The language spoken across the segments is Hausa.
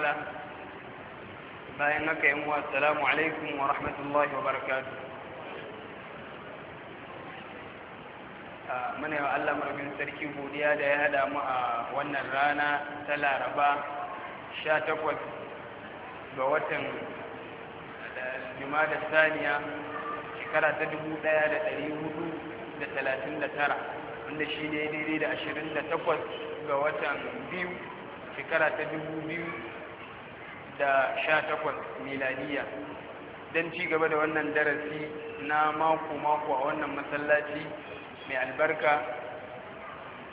ta'ala bayan haka yin wa salamu alaikum wa rahmatullahi wa barakatu muna yi wa Allah marabin sarki godiya da ya hada mu a wannan rana ta laraba 18 ga watan Juma da saniya shekara ta 1439 wanda shi ne daidai da 28 ga watan biyu shekara ta 2000 da sha takwas miladiya don ci gaba da wannan darasi na mako-mako a wannan masallaci mai albarka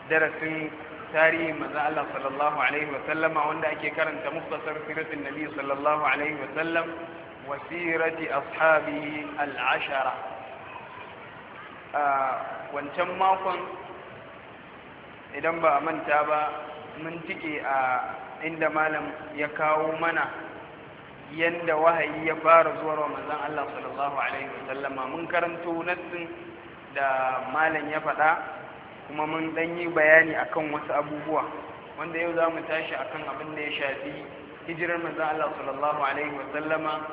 darasin tarihi maza Allah sallallahu Alaihi A wanda ake karanta muktasar siratin nabi sallallahu Alaihi wasallam wasirati ashabi al'ashara wancan makon idan ba a manta ba mun tike a inda malam ya kawo mana yanda wahayi ya fara zuwa wa Allah sallallahu alaihi wasallama mun karanto nassin da malam ya faɗa kuma mun dan yi bayani akan wasu abubuwa wanda yau za mu tashi akan abin da ya shafi hijirar manzon Allah sallallahu alaihi wasallama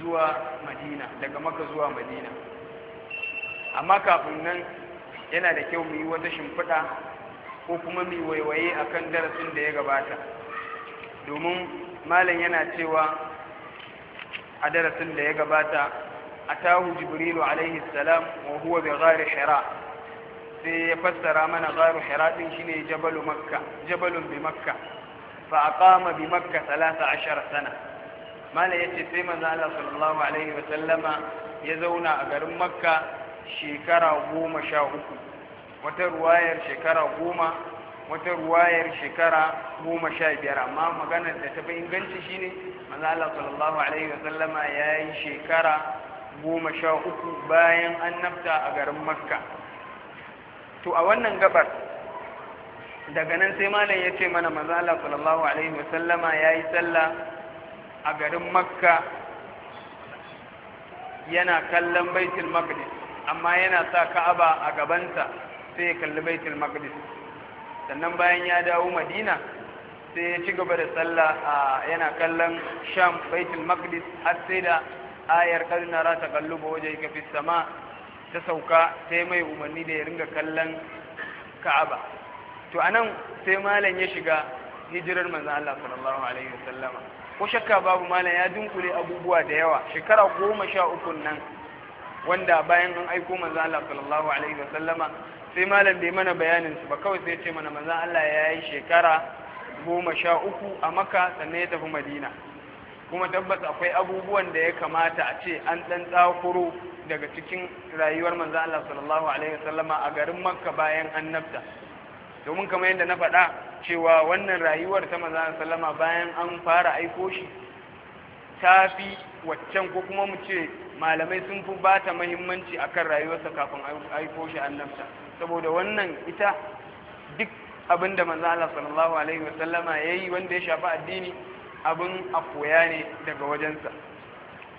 zuwa Madina daga Makka zuwa Madina amma kafin nan yana da kyau mu yi wata shimfiɗa ko kuma mu waiwaye akan darasin da ya gabata domin malam yana cewa a darasin da ya gabata a atahu jibrilu alaihi salam wa huwa bi gari hira sai ya fassara mana gari hira din shine jabalu makka jabalun bi makka fa aqama bi makka 13 sana malam yace sai manzo Allah sallallahu alaihi wa sallama ya zauna a garin makka shekara goma sha uku wata ruwayar shekara goma wata ruwayar shekara goma sha biyar amma maganar da ta fi inganci shine manzo Allah sallallahu alaihi wa sallama ya yi shekara goma sha uku bayan annabta a garin makka to a wannan gabar daga nan sai malam ya ce mana manzo Allah sallallahu alaihi wa sallama ya yi sallah a garin makka yana kallon baitul maqdis amma yana sa ka'aba a gabanta sai ya kalli baitul maqdis sannan bayan ya dawo madina sai ya ci gaba da tsalla a yana kallon sham baitul maqdis har sai da ayar kaduna ra ta kalluba waje ka fi sama ta sauka sai mai umarni da ya ringa kallon ka'aba to a nan sai malam ya shiga hijirar manzan Allah sallallahu alaihi wa sallama ko shakka babu malam ya dunkule abubuwa da yawa shekara goma sha uku nan wanda bayan an aiko maza Allah sallallahu alaihi wa sallama. sai malam bai mana bayanin su ba kawai sai ce mana manzan Allah ya yi shekara goma sha uku a maka sannan ya tafi madina kuma tabbas akwai abubuwan da ya kamata a ce an ɗan tsakuro daga cikin rayuwar manzan Allah sallallahu alaihi wasallama a garin makka bayan annabta domin kamar yadda na faɗa cewa wannan rayuwar ta manzon sallama bayan an fara aiko shi ta fi waccan ko kuma mu ce malamai sun fi ba ta muhimmanci akan rayuwarsa kafin aiko shi annabta saboda wannan ita duk abin da manzo sallallahu alaihi wasallama yi wanda ya shafi addini abin a koya ne daga wajensa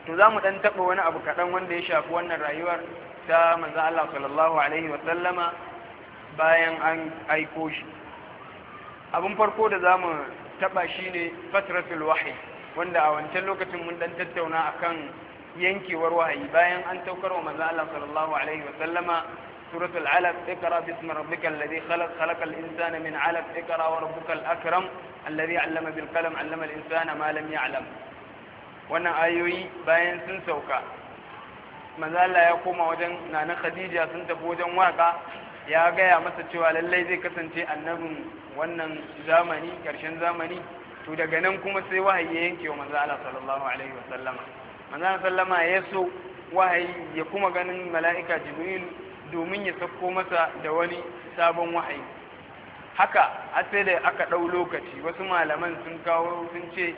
to za mu dan taba wani abu kaɗan wanda ya shafi wannan rayuwar ta manzo sallallahu alaihi wasallama bayan an aiko shi abin farko da za mu taba ne fatratul wahyi wanda a wancan lokacin mun dan tattauna akan yankewar wahayi bayan an taukar wa manzo sallallahu alaihi wasallama سورة العلق اقرأ باسم ربك الذي خلق خلق الإنسان من علق اقرأ وربك الأكرم الذي علم بالقلم علم الإنسان ما لم يعلم wannan ayoyi bayan sun sauka manzala ya koma wajen nana khadija sun tafi wajen waka ya gaya masa cewa lallai zai kasance annabin wannan zamani karshen zamani to daga nan kuma sai wahayi ya yanke wa manzala sallallahu alaihi wasallama manzala sallama ya so wahayi ya kuma ganin mala'ika jibril domin ya sauko masa da wani sabon wahayi haka a sai da aka ɗau lokaci wasu malaman sun kawo sun ce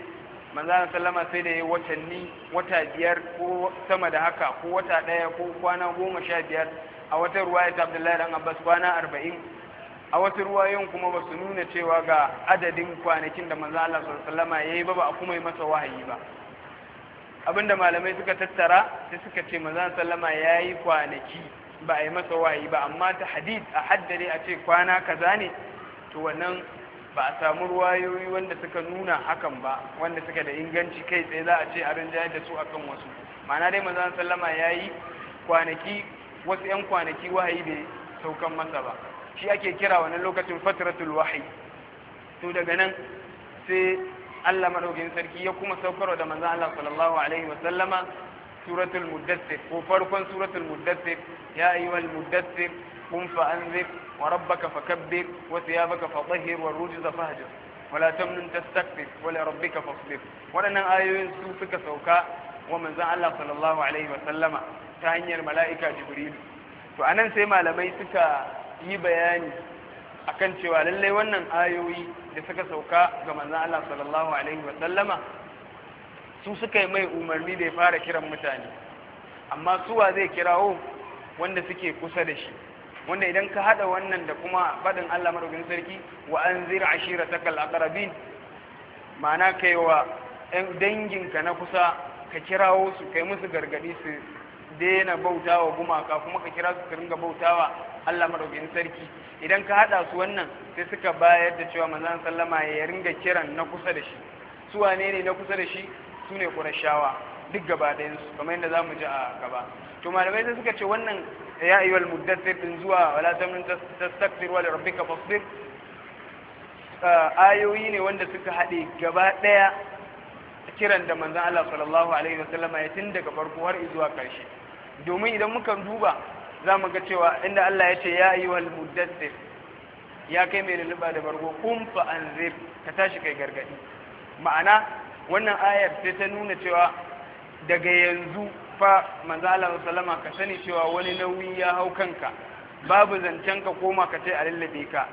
manzana sallama sai da ya watanni wata biyar ko sama da haka ko wata ɗaya ko kwana goma sha biyar a wata ruwaya ta abdullahi dan abbas kwana arba'in a wasu ruwayoyin kuma ba su nuna cewa ga adadin kwanakin da manzo Allah ya yi ba ba a kuma yi masa wahayi ba abinda malamai suka tattara sai suka ce salama sallama yi kwanaki ba a yi masa wayi ba amma ta hadith a haddare a ce kwana kaza ne to wannan ba a samu ruwayoyi wanda suka nuna hakan ba wanda suka da inganci kai tsaye za a ce a rinjayar da su akan wasu ma'ana dai mazan sallama ya yi kwanaki wasu 'yan kwanaki wahayi bai saukan masa ba shi ake kira wani lokacin fatratul wahayi to daga nan sai Allah madaukakin sarki ya kuma saukarwa da manzon Allah sallallahu alaihi wa sallama. suratul muddathir ko farkon suratul muddathir ya ayyuhal muddathir قم فأنذر وربك فكبر وثيابك فطهر والرجز فهجر ولا تمنن تستكبر ولربك فاصبر ولنا آيوين سوفك سوكا ومن زعل الله صلى الله عليه وسلم تهني الملائكة جبريل فأنا سيما لمي سكا يبياني akan cewa lallai wannan ayoyi da suka sauka ga manzon Allah sallallahu alaihi wa sallama su suka yi mai umarni da ya fara kiran mutane amma suwa zai kirawo wanda suke kusa da shi wanda idan ka hada wannan da kuma faɗin Allah madaukakin sarki wa anzir ashiratakal aqrabin ma'ana kaiwa ɗan danginka na kusa ka kirawo su kai musu gargadi su daina bautawa gumaka kuma ka kira su ka ringa bautawa Allah madaukakin sarki idan ka hada su wannan sai suka bayar da cewa mazan sallama ya ringa kiran na kusa da shi su Wanene ne na kusa da shi su ne ƙurashawa duk gaba kamar yadda za mu ji a gaba to malamai sai suka ce wannan ya wal muddatir din zuwa wala min tastakbir wa rabbika fasbir ayoyi ne wanda suka haɗe gaba ɗaya kiran da manzon Allah sallallahu alaihi wasallama ya tun daga farko har zuwa karshe domin idan muka duba za mu ga cewa inda Allah ya ce ya wal muddatir ya kai mai lulluɓa da bargo kun fa anzir ka tashi kai gargadi ma'ana wannan ayar sai ta nuna cewa daga yanzu fa manzala sallama ka sani cewa wani nauyi ya hau kanka babu zancen ka koma ka ce a lallabe ka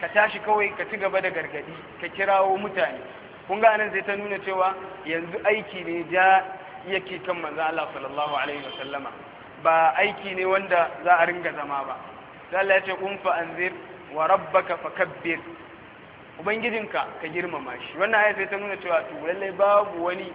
ka tashi kawai ka ci gaba da gargadi ka kirawo mutane kun ga nan sai ta nuna cewa yanzu aiki ne ja yake kan manzo sallallahu alaihi wa sallama. ba aiki ne wanda za a ringa zama ba Allah ya ce kun fa anzir wa rabbaka fakabbir ubangijinka ka girmama shi wannan aya sai ta nuna cewa to lallai babu wani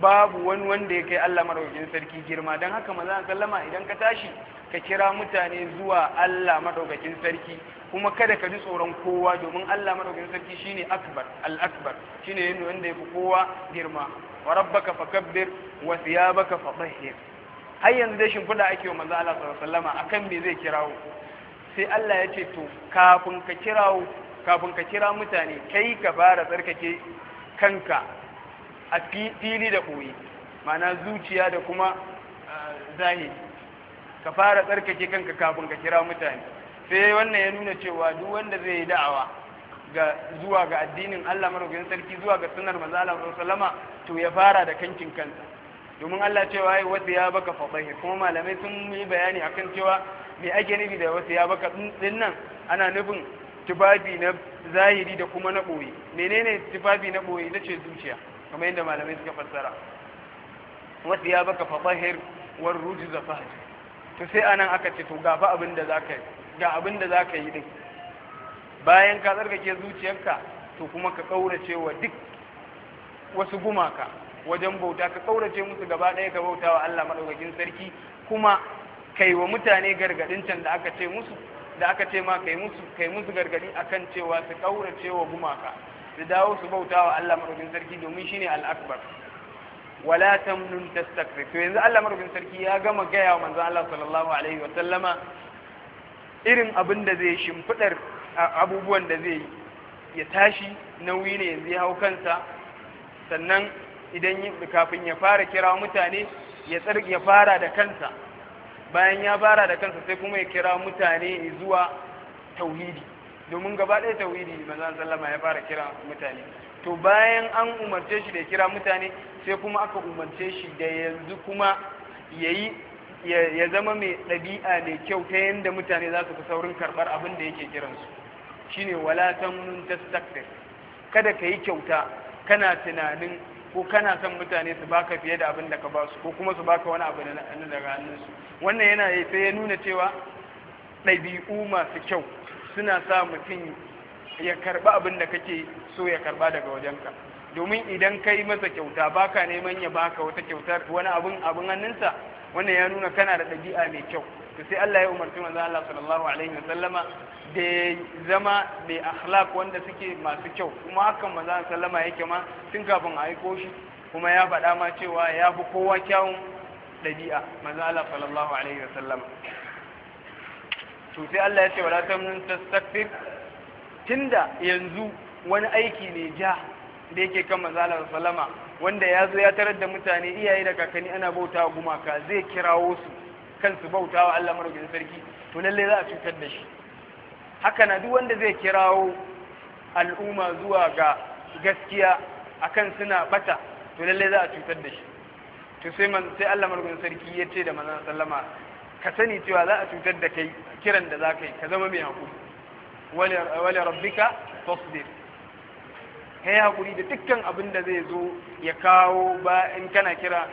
babu wani wanda ya kai Allah madaukakin sarki girma don haka maza sallama idan ka tashi ka kira mutane zuwa Allah madaukakin sarki kuma kada ka ji tsoron kowa domin Allah madaukakin sarki shine akbar al-akbar shine wanda fi kowa girma wa rabbaka fakabbir wa thiyabaka fatahhir har yanzu dai shimfiɗa ake wa manzo Allah sallallahu akan me zai kirawo sai Allah ya ce to kafin ka kirawo kafin ka kira mutane kai ka fara tsarkake kanka a fili da koyi mana zuciya da kuma zahiri ka fara tsarkake kanka kafin ka kira mutane sai wannan ya nuna cewa duk wanda zai yi da'awa ga zuwa ga addinin Allah madaukakin sarki zuwa ga sunnar manzo Allah to ya fara da kankin kansa domin Allah cewa ai wasu ya baka fadahi kuma malamai sun yi bayani akan cewa mai ake nufi da wasu ya baka din ana nufin tufafi na zahiri da kuma na ɓoye menene tufafi na ɓoye na ce zuciya kamar yadda malamai suka fassara wasu ya baka fasahir war ruji za haji to sai anan aka ce to gafa abin da za ka ga abin da za ka yi din bayan ka tsarkake zuciyarka to kuma ka ƙaurace wa duk wasu gumaka wajen bauta ka ƙaurace musu gaba ɗaya ka bauta wa Allah maɗaukakin sarki kuma kai wa mutane gargaɗin can da aka ce musu da aka ce ma kai musu kai musu gargadi akan cewa su kaurace wa gumaka su dawo su bauta wa Allah madaukakin sarki domin shine al-akbar wala tamnun tastakbir to yanzu Allah madaukakin sarki ya gama gaya wa manzo Allah sallallahu alaihi wa sallama irin abin da zai shimfidar abubuwan da zai ya tashi nauyi ne yanzu ya hau kansa sannan idan kafin ya fara kira mutane ya fara da kansa bayan ya fara da kansa sai kuma ya kira mutane zuwa tauhidi domin gaba ɗaya tauhidi manzon sallama ya fara kira mutane to bayan an umarce shi da ya kira mutane sai kuma aka umarce shi da yanzu kuma yayi ya zama mai ɗabi'a mai kyau ta yadda mutane za su fi saurin karɓar abin da yake kiransu shine wala ta tastakbir kada ka yi kyauta kana tunanin ko kana son mutane su baka fiye da abin da ka ba su ko kuma su baka wani abu na daga hannunsu wannan yana yi sai ya nuna cewa ɗabi'u masu kyau suna sa mutum ya karɓa abin da kake so ya karɓa daga wajenka domin idan kai masa kyauta baka neman ya baka wata kyautar wani abin abin hannunsa wannan ya nuna kana da ɗabi'a mai kyau to sai Allah ya umarci manzo Allah sallallahu alaihi wasallama da zama da akhlaq wanda suke masu kyau kuma hakan manzo sallama yake ma tun kafin a aiko shi kuma ya faɗa ma cewa ya fi kowa kyawun ɗabi'a manzo Allah sallallahu alaihi wa sallam to sai Allah ya ce wala tamnun tastakbir tunda yanzu wani aiki ne ja da yake kan manzo Allah sallama wanda ya zo ya tarar da mutane iyaye da kakanni ana bautawa gumaka zai kirawo su kansu bautawa Allah marugin sarki to lalle za a cutar da shi haka na duk wanda zai kirawo al'umma zuwa ga gaskiya akan suna bata to lalle za a cutar da shi to sai man sai Allah sarki ya ce da manzon sallama ka sani cewa za a cutar da kai kiran da za ka ka zama mai hakuri wali rabbika fasbir kai hakuri da dukkan abin da zai zo ya kawo ba in kana kira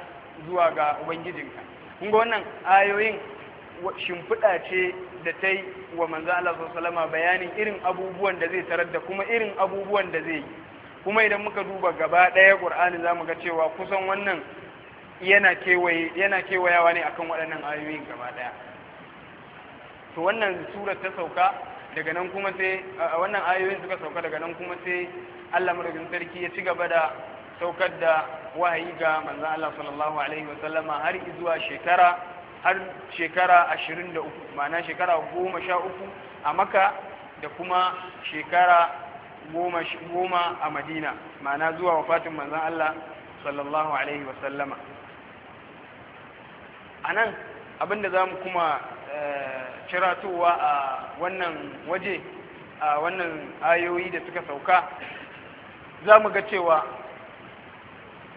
zuwa ga ubangijinka kun ga wannan ayoyin shimfiɗa ce da ta yi wa manzo Allah sallama bayanin irin abubuwan da zai tarar da kuma irin abubuwan da zai yi kuma idan muka duba gaba ɗaya ƙur'ani zamu ga cewa kusan wannan yana kewaye yana kewayawa ne akan waɗannan ayoyin gaba daya to wannan surar ta sauka daga nan kuma sai wannan ayoyin suka sauka daga nan kuma sai Allah madaukakin sarki ya ci gaba da saukar da wahayi ga manzon Allah sallallahu alaihi wa sallama har zuwa shekara har shekara 23 ma'ana shekara 13 a Makka da kuma shekara goma a Madina ma'ana zuwa wafatin manzon Allah sallallahu alaihi wa sallama a nan abinda za mu kuma eh, ciratowa a wannan waje a wannan ayoyi da suka sauka za mu ga cewa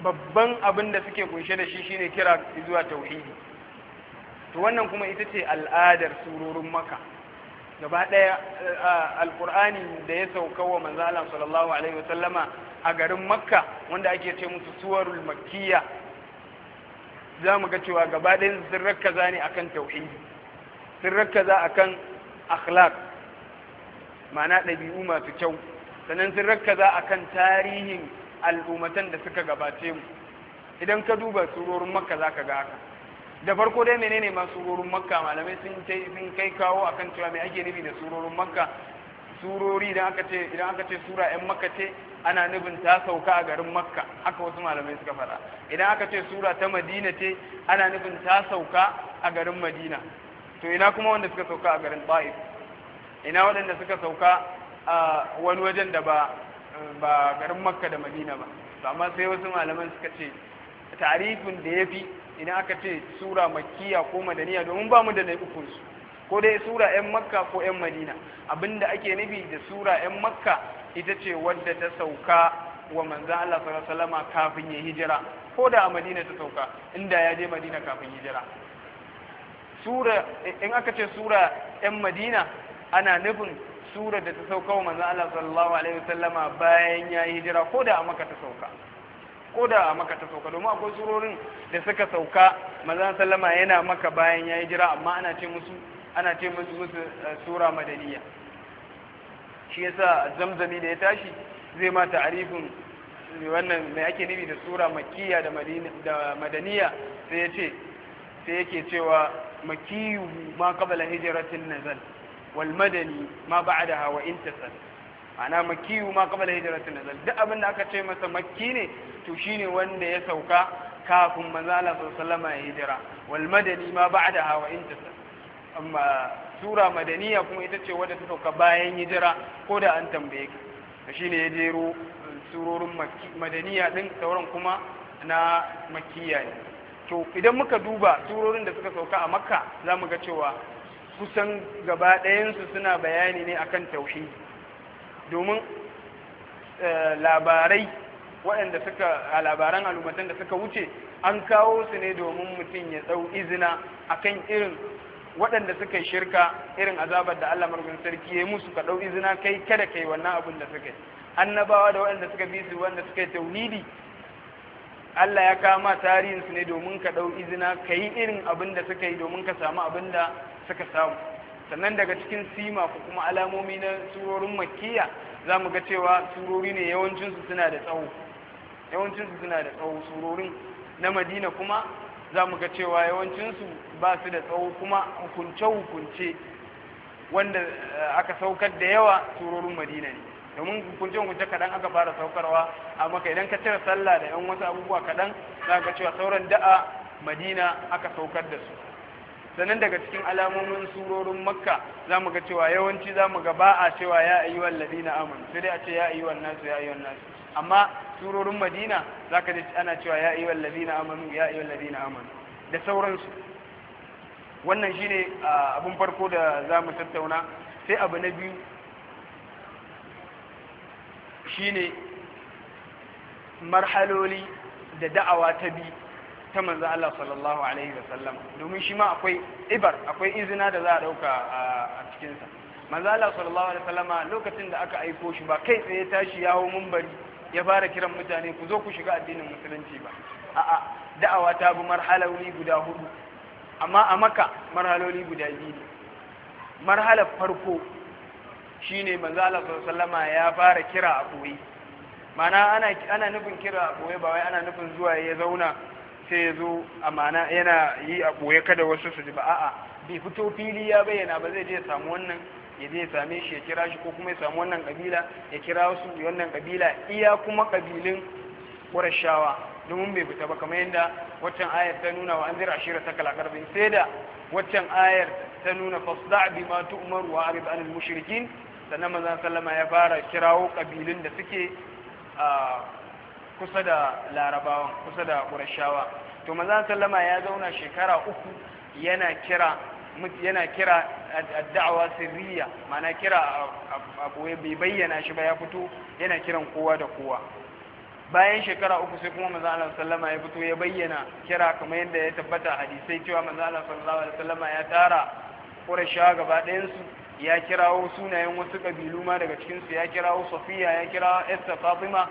babban abin da suke kunshe da shi shine kira zuwa tauhidi to wannan kuma ita ce al'adar surorin maka gaba ɗaya eh, alƙur'ani da ya sauka wa manzo Allah sallallahu alaihi wasallama a garin makka wanda ake ce musu suwarul makkiya za mu ga cewa gaba ɗayan sun rakkaza ne akan tauhidi sun rakkaza akan akhlaq ma'ana ɗabi'u masu kyau sannan sun rakkaza akan tarihin al'ummatan da suka gabace mu idan ka duba surorin makka za ka ga haka da farko dai menene ma surorin makka malamai sun kai kawo akan cewa mai ake nufi da surorin makka surori idan aka ce idan aka ce sura yan makka ce ana nufin ta sauka a garin makka haka wasu malamai suka fara idan aka ce sura ta madina ce ana nufin ta sauka a garin madina to ina kuma wanda suka sauka a garin ta'if ina waɗanda suka sauka a wani wajen da ba ba garin makka da madina ba to amma sai wasu malaman suka ce tarifin da ya fi idan aka ce sura makkiya ko madaniya domin ba mu da laifukunsu ko dai sura 'yan makka ko 'yan madina abinda ake nufi da sura 'yan makka ita ce wadda ta sauka wa manzan Allah sallallahu alaihi wasallama kafin ya hijira ko da a Madina ta sauka inda ya je Madina kafin hijira sura in aka ce sura yan Madina ana nufin sura da ta sauka wa manzan Allah sallallahu alaihi wasallama bayan ya hijira ko da a Makka ta sauka ko da a Makka ta sauka domin akwai surorin da suka sauka manzan sallama yana Makka bayan ya hijira amma ana ce musu ana ce musu eh, sura madaniya shi yasa zamzami da ya tashi zai ma ta'arifin wannan mai ake nufi da sura Makiya da madaniya sai ya ce sai yake cewa makiyu ma qabla hijratin nazal wal madani ma ba'daha wa in tasal ana makiyu ma qabla hijratin nazal duk abin da aka ce masa Maki ne to shine wanda ya sauka kafin manzo Allah sallallahu alaihi ya hijira wal madani ma ba'daha da in tasal amma sura madaniya kuma ita ce wadda ta sauka bayan hijira ko da an tambaye ka ne ya jero surorin madaniya din sauran kuma na makkiya ne to idan muka duba surorin da suka sauka a makka za mu ga cewa kusan gaba ɗayansu suna bayani ne akan taushi. domin eh, labarai waɗanda suka labaran al'ummatan da suka wuce an kawo su ne domin mutum ya tsau izina akan irin waɗanda suka yi shirka irin azabar da Allah marubin sarki ya musu ka ɗau izina kai kada kai wannan abin da suka yi annabawa da waɗanda suka bi su waɗanda suka yi tauhidi Allah ya kama tarihinsu ne domin ka ɗau izina ka yi irin abin da suka yi domin ka samu abin da suka samu sannan daga cikin sima ko kuma alamomi na surorin makkiya za mu ga cewa surori ne yawancinsu suna da tsawo yawancinsu suna da tsawo surorin na madina kuma za mu ga cewa yawancinsu ba su da tsawo kuma hukunce-hukunce wanda eh, aka saukar da yawa turorin madina ne domin hukunce-hukunce kaɗan aka fara saukarwa a maka idan ka cire sallah da 'yan wasu abubuwa kaɗan za ka cewa sauran da'a madina aka saukar da su sannan daga cikin alamomin surorin makka za mu ga cewa yawanci za mu ga ba a cewa ya ayyuwan ladina amin sai dai a ce ya ayyuwan nasu ya ayyuwan nasu amma surorin madina za ka ji ana cewa ya iya wallazina amanu ya iya wallazina amanu da sauransu wannan shine abin farko da za mu tattauna sai abu na biyu shine marhaloli da da'awa ta bi ta manzan Allah sallallahu alaihi wasallam domin shi ma akwai ibar akwai izina da za a ɗauka a cikinsa manzan Allah sallallahu alaihi wasallama lokacin da aka aiko shi ba kai tsaye tashi yawo mumbari ya fara kiran mutane ku zo ku shiga addinin musulunci ba a'a da'awa ta bi marhaloli guda hudu amma a maka marhaloli guda biyu ne marhalar farko shine manzo Allah sallama ya fara kira a koyi mana ana ana nufin kira a koyi ba wai ana nufin zuwa ya zauna sai ya zo amana yana yi a koyi kada wasu su ji ba a'a bai fito fili ya bayyana ba zai je ya samu wannan ya zai ya same shi ya kira shi ko kuma ya samu wannan kabila ya kira su wannan kabila iya kuma kabilin ƙurashawa domin bai fita ba kamar yadda waccan ayar ta nuna wa an zira shira ta bin sai da waccan ayar ta nuna fasda bi ma umar wa arif anil mushrikin sannan maza sallama ya fara kirawo kabilun da suke kusa da larabawan kusa da ƙurashawa to mazan sallama ya zauna shekara uku yana kira yana kira da'awa sirriya mana kira abu bai bayyana shi ba ya fito yana kiran kowa da kowa bayan shekara uku sai kuma manzo Allah sallama ya fito ya bayyana kira kamar yadda ya tabbata hadisai cewa manzo Allah sallallahu alaihi wasallama ya tara Qurayshawa gaba ɗayan su ya kirawo sunayen wasu kabilu ma daga cikin su ya kirawo Safiya ya kira Esther Fatima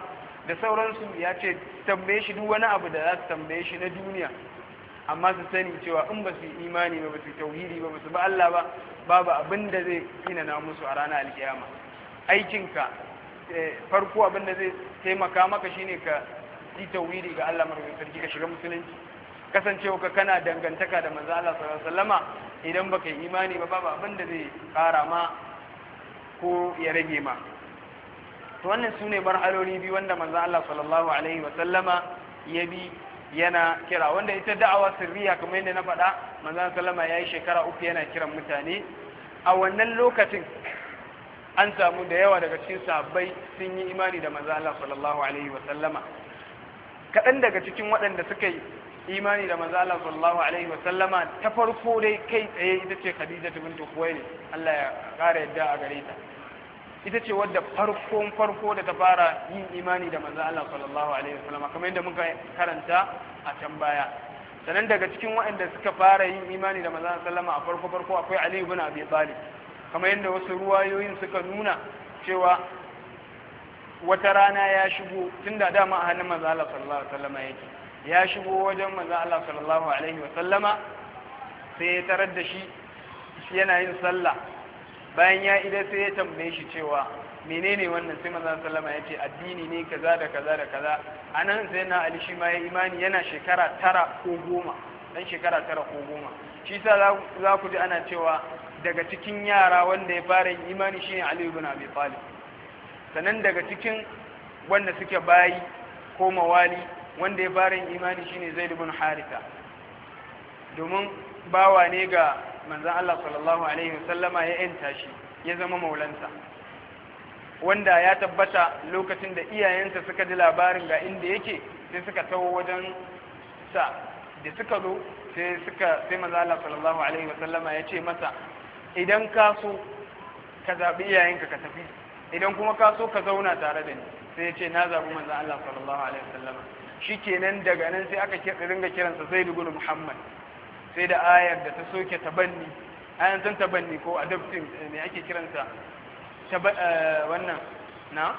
da sauransu ya ce tambaye shi duk wani abu da za su tambaye shi na duniya amma su sani cewa in ba su imani ba ba su tauhidi ba ba su ba Allah ba babu abin da zai na musu a ranar alkiyama aikinka eh, farko abin da zai taimaka maka shine ka yi tauhidi ga Allah marubin sarki ka shiga musulunci kasancewa ka kana dangantaka da manzo Allah sallallahu alaihi wasallama idan baka yi imani ba babu abin da zai kara ma ko ya rage ma to wannan sune marhaloli biyu wanda manzo Allah sallallahu alaihi wasallama ya bi yana kira wanda ita da'awa sirriya kamar yadda na faɗa manzon sallama yayi shekara uku yana kiran mutane a wannan lokacin an samu da yawa daga cikin sahabbai sun yi imani da manzon Allah sallallahu alaihi wa sallama kaɗan daga cikin waɗanda suka yi imani da manzon Allah sallallahu alaihi wa sallama ta farko dai kai tsaye ita ce Khadija bint ne Allah ya ƙara yadda a gare ta ita ce wadda farkon farko da ta fara yin imani da manzo Allah sallallahu alaihi wasallam kamar yadda muka karanta a can baya sanan daga cikin waɗanda suka fara yin imani da manzo sallama a farko farko akwai Ali ibn Abi Talib kamar yadda wasu ruwayoyin suka nuna cewa wata rana ya shigo tunda dama a hannun manzo Allah sallallahu alaihi wasallama yake ya shigo wajen manzo Allah sallallahu alaihi wasallama sai ya tarar da shi yana yin sallah bayan ya ida sai ya tambaye shi cewa menene wannan sai manzon sallama ya ce addini ne kaza da kaza da kaza anan sai na ali shi ma ya imani yana shekara tara ko goma dan shekara tara ko goma shi sa za ku ji ana cewa daga cikin yara wanda ya fara yin imani shine ali ibn abi talib sannan daga cikin wanda suke bayi ko mawali wanda ya fara yin imani shine zaid ibn haritha domin bawa ne ga manzan Allah sallallahu alaihi wasallama ya yanta shi ya zama maulansa wanda ya tabbata lokacin da iyayensa suka ji labarin ga inda yake sai suka tawo wajen sa da suka zo sai suka sai manzo Allah sallallahu alaihi wasallama ya ce masa idan ka so ka zaɓi iyayenka ka tafi idan kuma ka so ka zauna tare da ni sai ya ce na zaɓi manzan Allah sallallahu alaihi wasallama shikenan daga nan sai aka dinga kiransa Zaid ibn Muhammad sai da ayar da ta soke tabanni ayan zan tabanni ko adoptin eh, me ake kiransa eh, wannan na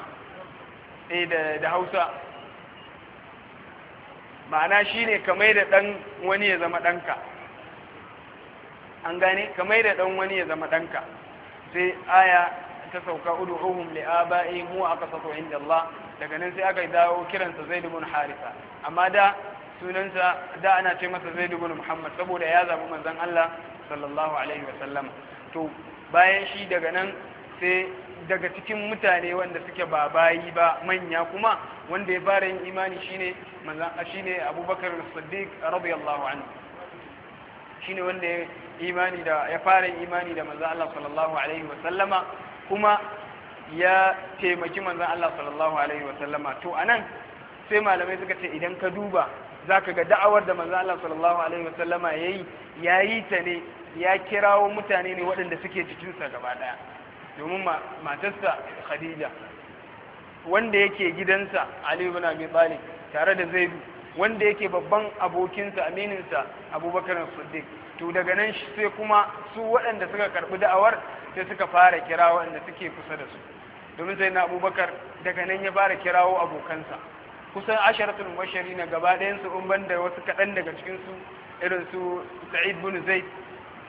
eh da da Hausa ma'ana shine kamai da dan wani ya zama danka an gane kamai da dan wani ya zama danka sai aya ta sauka udu ud'uhum li mu aka aqsatu inda Allah daga nan sai aka dawo kiransa zai dubun harisa amma da sunansa da ana ce masa zai dubu muhammad saboda ya zaɓi manzan Allah sallallahu alaihi wasallam to bayan shi daga nan sai daga cikin mutane wanda suke ba bayi ba manya kuma wanda ya fara yin imani shine manzan shine abubakar siddiq radiyallahu anhu shine wanda ya imani da ya fara yin imani da manzan Allah sallallahu alaihi wasallama kuma ya taimaki manzan Allah sallallahu alaihi wasallama to anan sai malamai suka ce idan ka duba zaka ga da'awar da manzo Allah sallallahu alaihi wasallama yayi yayi ta ne ya kirawo mutane ne waɗanda suke cikin sa gaba daya domin matarsa Khadija wanda yake gidansa Ali ibn Abi Talib tare da Zaid wanda yake babban abokinsa amininsa Abubakar Siddiq to daga nan sai kuma su waɗanda suka karɓi da'awar sai suka fara kirawo waɗanda suke kusa da su domin sai na abubakar daga nan ya fara kirawo abokansa kusan asharatul mubashirin gaba ɗayan su umban da wasu kaɗan daga cikin su irin su sa'id bin zaid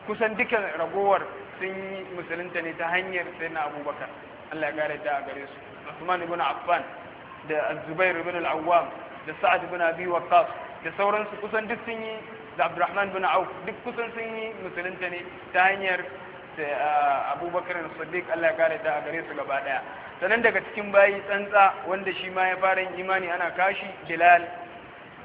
kusan duka ragowar sun yi musulunta ne ta hanyar sayyidina abubakar Allah ya gare ta a gare su Usman ibn Affan da Zubair ibn al-Awwam da Sa'ad ibn Abi Waqqas da sauransu kusan duk sun yi da Abdurrahman ibn Auf duk kusan sun yi musulunta ne ta hanyar eh, Abubakar Siddiq Allah ya gare ta a gare su gaba daya sanan daga cikin bayi tsantsa wanda shi ma ya fara yin imani ana kashi bilal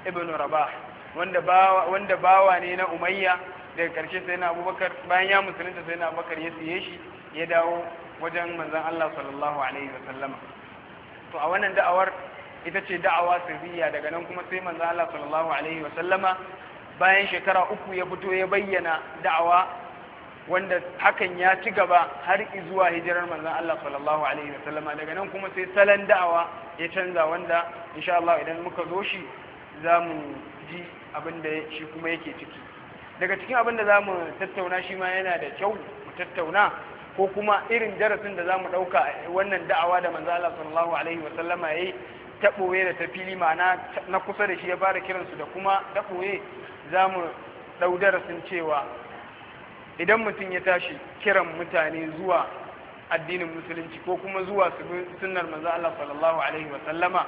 ibn rabah wanda bawa wanda bawa ne na umayya daga karshe sai na abubakar bayan ya musulunta sai na abubakar ya siye shi ya dawo wajen manzon Allah sallallahu alaihi wasallama to a wannan da'awar ita ce da'awa sirriya daga nan kuma sai manzon Allah sallallahu alaihi wasallama bayan shekara uku ya fito ya bayyana da'awa wanda hakan ya ci gaba har zuwa hijirar manzan Allah sallallahu alaihi wasallam daga nan kuma sai salon da'awa ya canza wanda insha Allah idan muka zo shi za mu ji abin da shi kuma yake ciki daga cikin abin da za mu tattauna shi ma yana da kyau mu tattauna ko kuma irin darasin da za mu ɗauka wannan da'awa da manzan Allah sallallahu alaihi wa ya yayi taɓoye da ta fili ma'ana na kusa da shi ya fara kiransu da kuma taɓoye za mu ɗau darasin cewa idan mutum ya tashi kiran mutane zuwa addinin musulunci ko kuma zuwa sunnar manzo Allah sallallahu alaihi wa sallama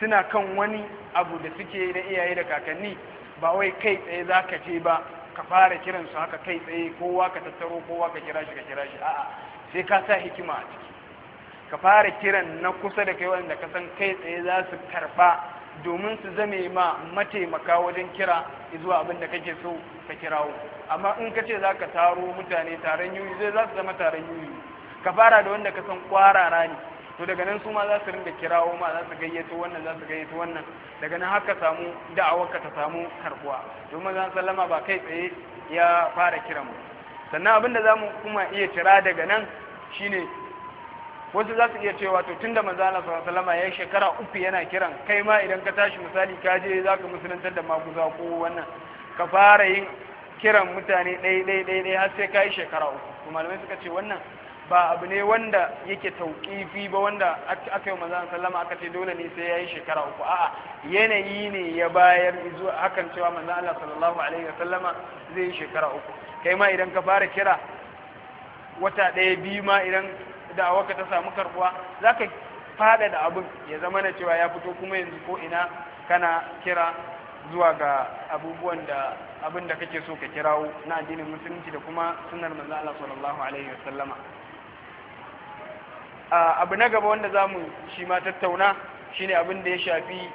suna kan wani abu da suke na iyaye da kakanni ba wai kai tsaye za ka ce ba ka fara kiran su haka kai tsaye kowa ka tattaro kowa ka kira shi ka kira shi a'a sai ka sa hikima a ciki ka fara kiran na kusa da kai wanda ka san kai tsaye za su karba domin su zame ma mataimaka wajen kira zuwa abin da kake so ka kirawo amma in ka ce za ka taro mutane taron yuyu zai za su zama taron yuyu ka fara da wanda ka san kwarara ne to daga nan su ma za su rinda kirawo ma za su gayyato wannan za su gayyato wannan daga nan haka samu da'awar ka ta samu karbuwa domin zan sallama ba kai tsaye ya fara kiran mu sannan abin da zamu kuma iya tira daga nan shine wasu za su iya cewa to tunda manzo Allah sallallahu alaihi wasallam ya shekara uku yana kiran kai ma idan ka tashi misali ka je zaka musulunta da maguza ko wannan ka fara yin kiran mutane ɗai ɗai har sai ka yi shekara uku malamai suka ce wannan ba abu ne wanda yake tauƙifi ba wanda aka yi manzan sallama aka ce dole ne sai ya yi shekara uku a'a yanayi ne ya bayar zuwa hakan cewa manzan Allah sallallahu alaihi wa sallama zai yi shekara uku kai ma idan ka fara kira wata ɗaya biyu ma idan da ka ta samu karbuwa za ka fada da abin ya zama na cewa ya fito kuma yanzu ko ina kana kira zuwa ga abubuwan da abin da kake so ka kirawo na addinin musulunci da kuma sunar manzo Allah sallallahu alaihi wasallama abu na gaba wanda zamu shi ma tattauna shine abin da ya shafi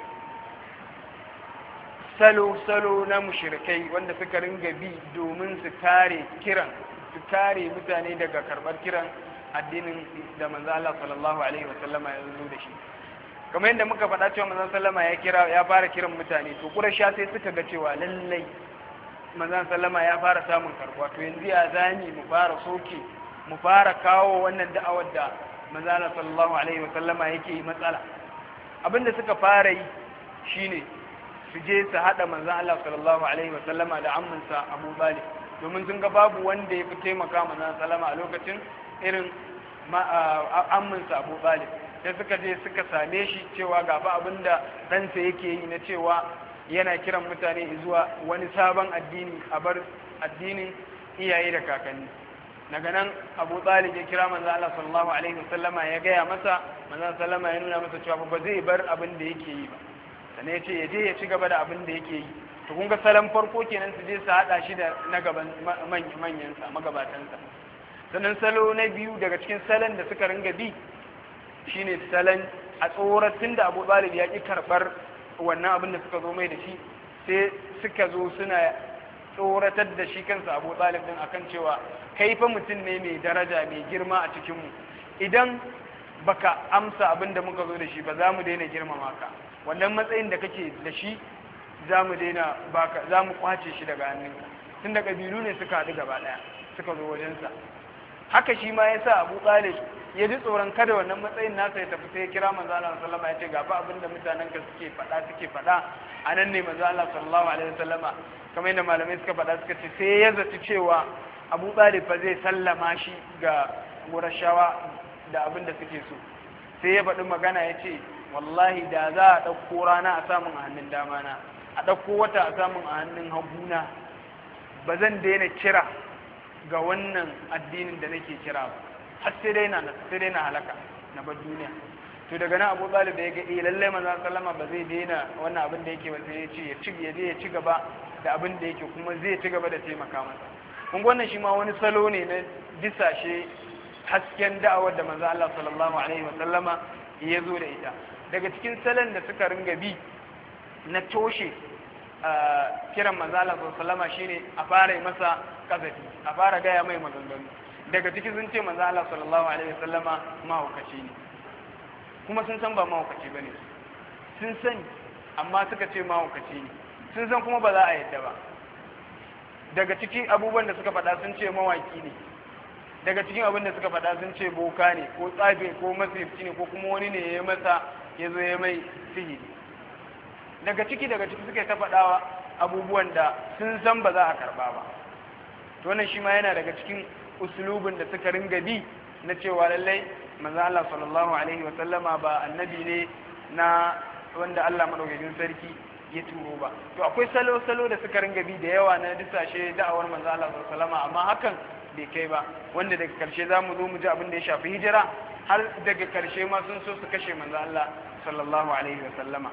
salo salo na mushrikai wanda suka ringa bi domin su kare kiran su tare mutane daga karbar kiran addinin da manzo Allah sallallahu alaihi wasallama ya zo da shi kamar yadda muka faɗa cewa manzon sallama ya kira ya fara kiran mutane to quraysha sai suka ga cewa lallai manzon sallama ya fara samun karbuwa to yanzu ya zani mu fara soke mu fara kawo wannan da'awar da manzon sallallahu alaihi wa sallama yake yi matsala abinda suka fara yi shine su je su hada manzon Allah sallallahu alaihi wa sallama da amminsa Abu Talib domin sun ga babu wanda ya fi taimaka manzon sallama a lokacin irin amminsa Abu Talib sai suka je suka same shi cewa gaba abin da ɗansa yake yi na cewa yana kiran mutane zuwa wani sabon addini a bar addinin iyaye da kakanni daga nan abu talib ya kira manzo Allah sallallahu alaihi wasallama ya gaya masa manzo sallama ya nuna masa cewa ba zai bar abin da yake yi ba sai ya ce ya je ya ci gaba da abin da yake yi to kun ga salon farko kenan su je su hada shi da na gaban manyan sa magabatan sa sannan salo na biyu daga cikin salon da suka ringa bi shine salon a tun da abu ɗalib ya ƙi karɓar wannan abin da suka zo mai da shi sai suka zo suna tsoratar da shi kansa abu ɗalib ɗin akan cewa kai mutum ne mai daraja mai girma a cikinmu idan baka amsa abin da muka zo da shi ba za mu daina girmama ka wannan matsayin da kake da shi za mu kwace shi daga hannunka tun da ƙabilu ne suka haɗu gaba ɗaya suka zo wajensa haka shi ma ya abu ɗalib ya ji tsoron kada wannan matsayin nasa ya tafi sai kira manzo Allah wasallam ya ce ga ba abinda mutanen ka suke faɗa suke faɗa a nan ne manzo Allah sallallahu alaihi wasallama kamar yadda malamai suka fada suka ce sai ya zaci cewa Abu Talib fa zai sallama shi ga Qurashawa da abinda suke so sai ya faɗi magana ya ce wallahi da za a ɗauko rana a samun a hannun dama na a ɗauko wata a samun a hannun haguna ba zan daina kira ga wannan addinin da nake kira ba har sai dai na sai dai na halaka na bar duniya to daga nan Abu Talib da ya ga eh lalle manzo sallama ba zai daina wannan abin da yake ba sai ya ce ya ci ya je ya ci gaba da abin da yake kuma zai ci gaba da taimaka masa kun wannan shi ma wani salo ne na disashe hasken da'awar da manzo Allah sallallahu alaihi wa sallama ya zo da ita daga cikin salon da suka ringa bi na toshe kiran manzo Allah sallallahu alaihi wa sallama shine a fara masa kazafi a fara gaya mai maganganu daga ciki sun ce manzo Allah sallallahu alaihi wasallama mahaukaci ne kuma sun san ba mahaukaci bane sun sani amma suka ce mahaukaci ne sun san kuma ba za a yadda ba daga cikin abubuwan da suka faɗa sun ce mawaki ne daga cikin abin da suka faɗa sun ce boka ne ko tsafe ko masifci ne ko kuma wani ne ya masa ya zo ya mai sihiri daga ciki daga ciki suka ta faɗawa abubuwan da sun san ba za a karɓa ba to wannan shi ma yana daga cikin uslubin da suka ringa bi na cewa lallai manzo Allah sallallahu alaihi wa sallama ba annabi ne na wanda Allah madaukakin sarki ya turo ba to akwai salo salo da suka ringa bi da yawa na disashe da'awar manzo Allah sallallahu alaihi wa sallama amma hakan bai kai ba wanda daga karshe za mu zo mu ji abin da ya shafi hijira har daga karshe ma sun so su kashe manzo Allah sallallahu alaihi wa sallama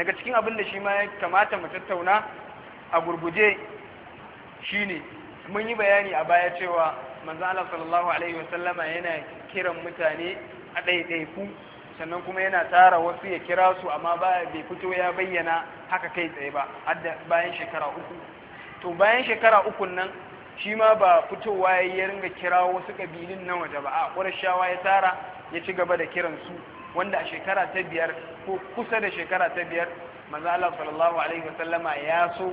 daga cikin abin da shi ma ya kamata mu tattauna a gurguje shine mun yi bayani a baya cewa manzo sallallahu alaihi wasallama yana kiran mutane a ɗaiɗaiku sannan kuma yana tara wasu ya kira su amma ba bai fito ya bayyana haka kai tsaye ba har bayan shekara uku to bayan shekara uku nan shi ma ba fitowa ya yi ringa kira wasu ƙabilun na waje ba a ƙurashawa ya tara ya ci gaba da kiransu wanda a shekara ta biyar ko kusa da shekara ta biyar manzo sallallahu alaihi wasallama ya so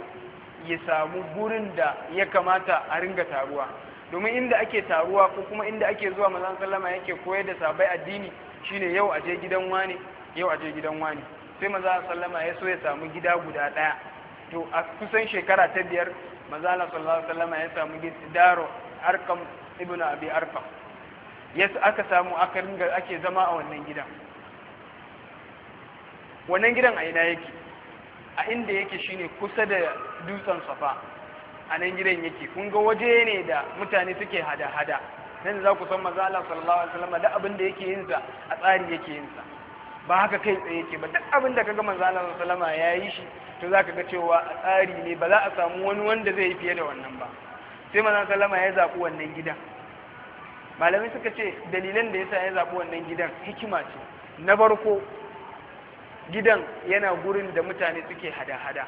ya samu gurin da ya kamata a ringa taruwa domin inda ake taruwa ko kuma inda ake zuwa mazan sallama yake koyar da sabai addini shine yau a je gidan wani yau a je gidan wani sai maza sallama ya so ya samu gida guda daya to a kusan shekara ta biyar maza sallallahu sallama ya samu daro arkam ibn abi arfa ya aka samu aka ringa ake zama a wannan gidan wannan gidan a ina yake a inda yake shine kusa da dutsen safa a nan gidan yake kun ga waje ne da mutane suke hada-hada nan za ku san maza Allah sallallahu alaihi wasallam da abin da yake yin sa a tsari yake yin sa ba haka kai tsaye yake ba duk abin da kaga manzo Allah sallallahu alaihi wasallam yayi shi to zaka ga cewa a tsari ne ba za a samu wani wanda zai yi fiye da wannan ba sai manzo sallama ya zaku wannan gidan malamai suka ce dalilan da yasa ya zaku wannan gidan hikima ce na farko gidan yana gurin da mutane suke hada-hada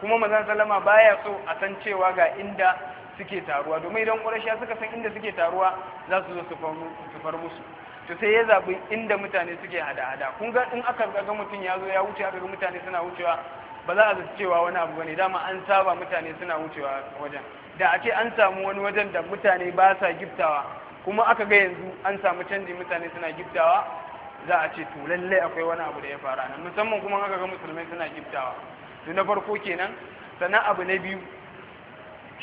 kuma mazan salama baya so a san cewa ga inda suke taruwa domin idan ƙwarashiya suka san inda suke taruwa za su zo su far musu to sai ya zaɓi inda mutane suke hada-hada kun ga in aka ga mutum ya zo ya wuce aka ga mutane suna wucewa ba za a zai cewa wani abu bane dama an saba mutane suna wucewa wajen da a ce an samu wani wajen da mutane ba sa giftawa kuma aka ga yanzu an samu canji mutane suna giftawa za a ce to lallai akwai wani abu da ya fara nan musamman kuma aka ga musulmai suna giftawa to na farko kenan sannan abu na biyu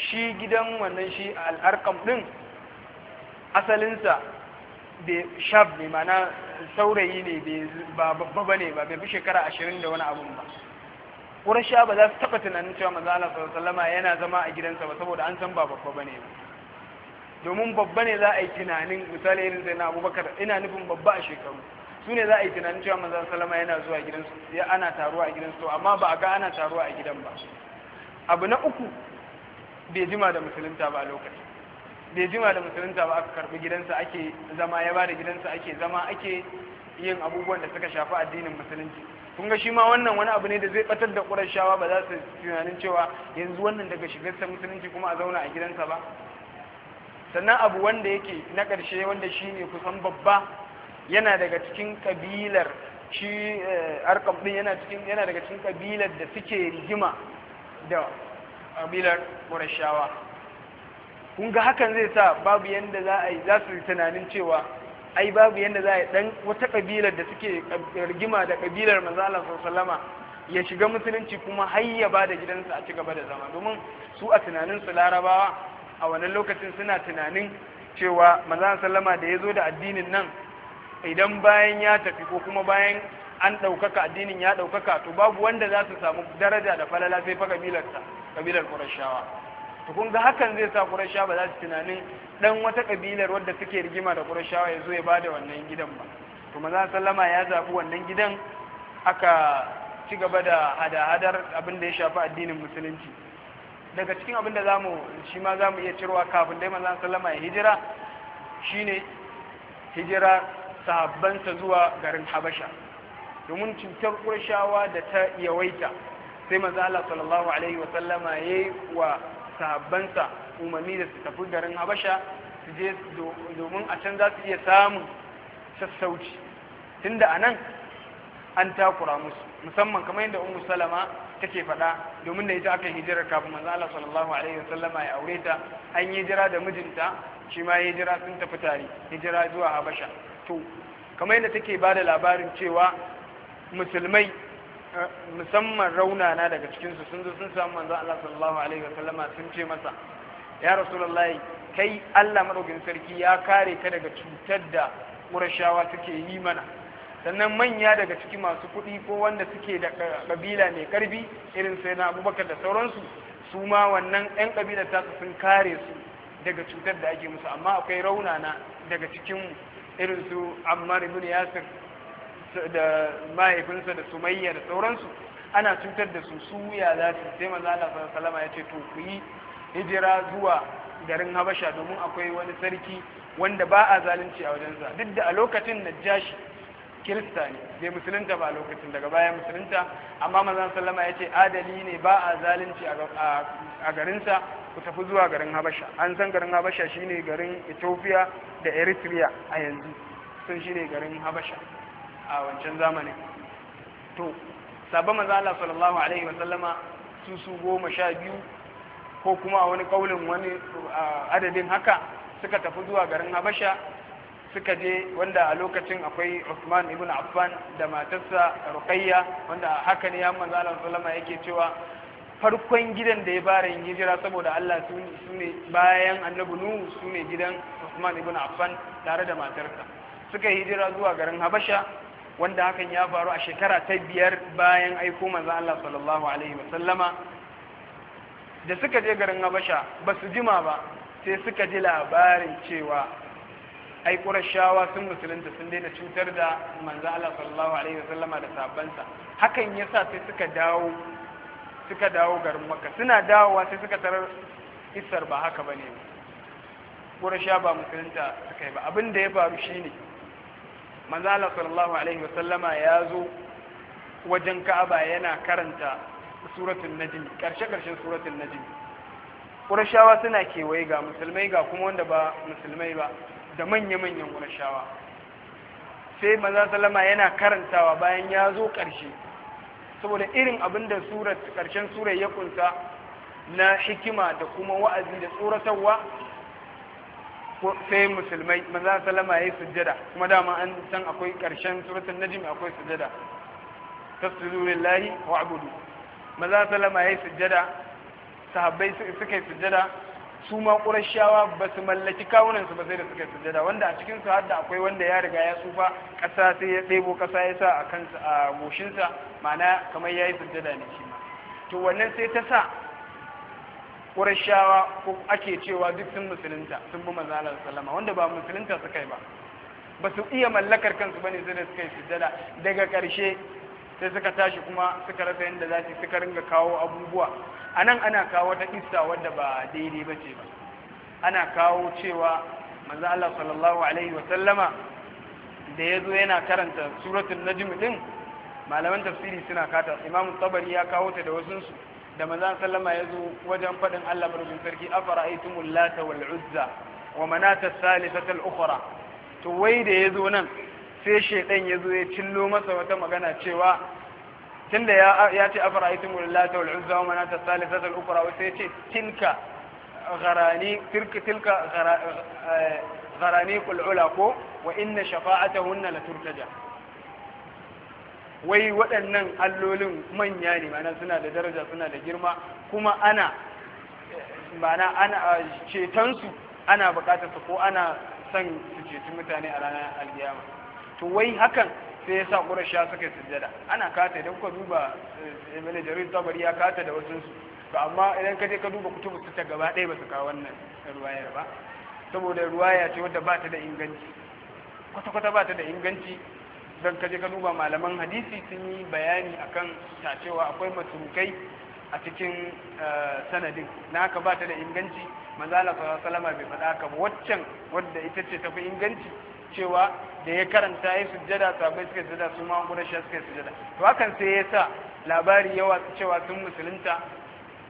shi gidan wannan shi al'arkam ɗin asalinsa da shaf ne mana saurayi ne ba babba ne ba bai fi shekara ashirin da wani abun ba sha ba za su taɓa tunanin cewa maza sallama yana zama a gidansa ba saboda an san ba babba ba ne ba domin babba ne za a yi tunanin misali irin zai na abubakar ina nufin babba a shekaru su ne za a yi tunanin cewa manzan salama yana zuwa gidansu ya ana taruwa a gidansu to amma ba a ga ana taruwa a gidan ba abu na uku bai jima da musulunta ba a lokaci bai jima da musulunta ba aka karbi gidansa ake zama ya bada da gidansa ake zama ake yin abubuwan da suka shafi addinin musulunci kun ga shi ma wannan wani abu ne da zai batar da ƙurashawa ba za su tunanin cewa yanzu wannan daga shigarsa musulunci kuma a zauna a gidansa ba sannan abu wanda yake na ƙarshe wanda shi ne kusan babba yana daga cikin kabilar shi eh, arkam din yana cikin yana daga cikin kabilar da suke rigima da kabilar qurashawa kun ga hakan zai sa babu yanda za a yi za su tunanin cewa ai babu yanda za a yi dan wata kabilar da suke rigima da kabilar manzo sallama ya shiga musulunci kuma har ya bada gidansa a ci gaba da zama domin su a tunanin su larabawa a wannan lokacin suna tunanin cewa manzo sallama da ya zo da addinin nan idan bayan ya tafi ko kuma bayan an ɗaukaka addinin ya ɗaukaka to babu wanda za su samu daraja da falala sai fa kabilarsa kabilar ƙurashawa. to kun ga hakan zai sa kurasha ba za su tunanin ɗan wata kabilar wadda suke rigima da ƙurashawa ya zo ya bada wannan gidan ba to maza sallama ya zafi wannan gidan aka ci gaba da hada-hadar abin da ya shafi addinin musulunci daga cikin abin da za mu shi ma mu iya cirowa kafin dai maza sallama ya hijira shine hijira sahabbansa zuwa garin habasha domin cutar kurshawa da ta yawaita sai maza Allah sallallahu alaihi wa sallama yayi wa sahabbansa umarni da su tafi garin habasha su je domin a can za su iya samun sassauci tunda a nan an takura musu musamman kamar yadda ummu salama take faɗa domin da ita aka hijira kafin manzo Allah sallallahu alaihi wa sallama ya aure ta an yi jira da mijinta shi ma yi jira sun tafi tare hijira zuwa habasha to kamar yadda take ba da labarin cewa musulmai eh, musamman raunana daga cikinsu sun zo sun samu manzo Allah sallallahu alaihi wa sallama sun ce masa ya rasulullahi kai Allah madaukakin sarki ya kare ka daga cutar da murashawa take yi mana sannan manya daga cikin masu kuɗi ko wanda suke da kabila mai karbi irin sai na abubakar da sauransu su ma wannan 'yan kabilar tasu sun kare su daga cutar da ake musu amma akwai raunana daga cikinmu irin su ammar ibn yasir da mahaifinsa da sumayya da sauransu ana cutar da su suya za su sai manzo Allah salama ya ce to ku yi hijira zuwa garin Habasha domin akwai wani sarki wanda ba a zalunci a wajensa duk da a lokacin Najashi kirista ne zai musulunta ba a lokacin daga baya musulunta amma mazan salama ya ce adali ne ba a zalunci a garinsa ku tafi zuwa garin habasha an san garin habasha shine garin ethiopia da eritrea a yanzu sun shine garin habasha a wancan zamani. to sabba manzo Allah sallallahu alaihi wasallama su su goma sha biyu ko kuma a wani kaulin wani adadin haka suka tafi zuwa garin habasha suka je wanda a lokacin akwai Uthman ibn Affan da matarsa Ruqayya wanda haka ne ya manzo Allah sallama yake cewa farkon gidan da ya fara yin hijira saboda Allah su ne bayan annabi nuhu su ne gidan Usman ibn Affan tare da matarsa suka hijira zuwa garin Habasha wanda hakan ya faru a shekara ta biyar bayan aiko manzo Allah sallallahu alaihi wasallama da suka je garin Habasha ba su jima ba sai suka ji labarin cewa ai shawa sun musulunta sun daina cutar da manzo Allah sallallahu alaihi wasallama da sabansa hakan yasa sai suka dawo suka dawo garin maka suna dawowa sai suka tarar isar ba haka ba ne ƙurasha ba musulunta suka yi ba abin da ya faru shi ne manzala sallallahu alaihi wasallama ya zo wajen ka'aba yana karanta suratun najmi karshe-karshen suratun najmi ƙurashawa suna kewaye ga musulmai ga kuma wanda ba musulmai ba da manya-manyan ƙurashawa sai manzala sallama yana karantawa bayan ya zo ƙarshe saboda irin abin da surar karshen surar ya kunsa na hikima da kuma wa'azi da tsoratarwa sai musulmai maza salama ya yi sujjada kuma dama an san akwai karshen suratul najm akwai sujjada tasjudu lillahi wa'budu maza salama ya yi sujjada sahabbai suka yi sujjada su ma ƙurashawa ba su mallaki kawunansu ba sai da suka yi sujada wanda a cikin su hadda akwai wanda ya riga ya tsufa ƙasa sai ya ɗebo ƙasa ya sa a kan a goshinsa kamar ya yi sujada ne shi ma to wannan sai ta sa ƙurashawa ko ake cewa duk sun musulunta sun bi mazalar sallama wanda ba musulunta suka yi ba ba su iya mallakar kansu ba ne sai da suka yi sujada daga ƙarshe sai suka tashi kuma suka rasa yadda za su suka ringa kawo abubuwa a nan ana kawo wata isa wadda ba daidai ba ce ba ana kawo cewa manzo Allah sallallahu alaihi wa sallama da zo yana karanta suratul najm din malaman tafsiri suna kata imamu tabari ya kawo ta da wasunsu da manzo sallama zo wajen faɗin Allah barkin sarki afara'aytumul lata wal uzza wa manata thalithata ukhra to wai da yazo nan sai shaidan ya zo ya cillo masa wata magana cewa tunda ya ya ce a lillata wal uzza wa manata thalithata al ukhra wa ce tilka gharani tilka tilka eh, gharani kul'ula ko wa inna hunna la turtaja wai waɗannan allolin manya ne mana suna da daraja suna da girma kuma ana ma'ana ana cetonsu ana bukatar su ko ana son su ceci mutane a ranar alkiyama to wai hakan sai ya sa ƙurasha suka yi sujjada ana kata idan ka duba eh, ibn jarir tabari ya kata da wasu su to amma idan ka je ka duba kutubu ta gaba ɗaya ba su kawo wannan ruwayar ba saboda ruwaya ce wadda ba ta da inganci kwata-kwata ba ta da inganci don ka je ka duba malaman hadisi sun yi bayani akan ta cewa akwai masurukai a cikin eh, sanadin na haka ba ta da inganci manzala salama bai faɗa ka ba waccan wadda ita ce tafi inganci cewa da ya karanta ya sujjada sabai suka sujjada su ma quraisha suka sujjada to hakan sai ya sa labari yawa su cewa sun musulunta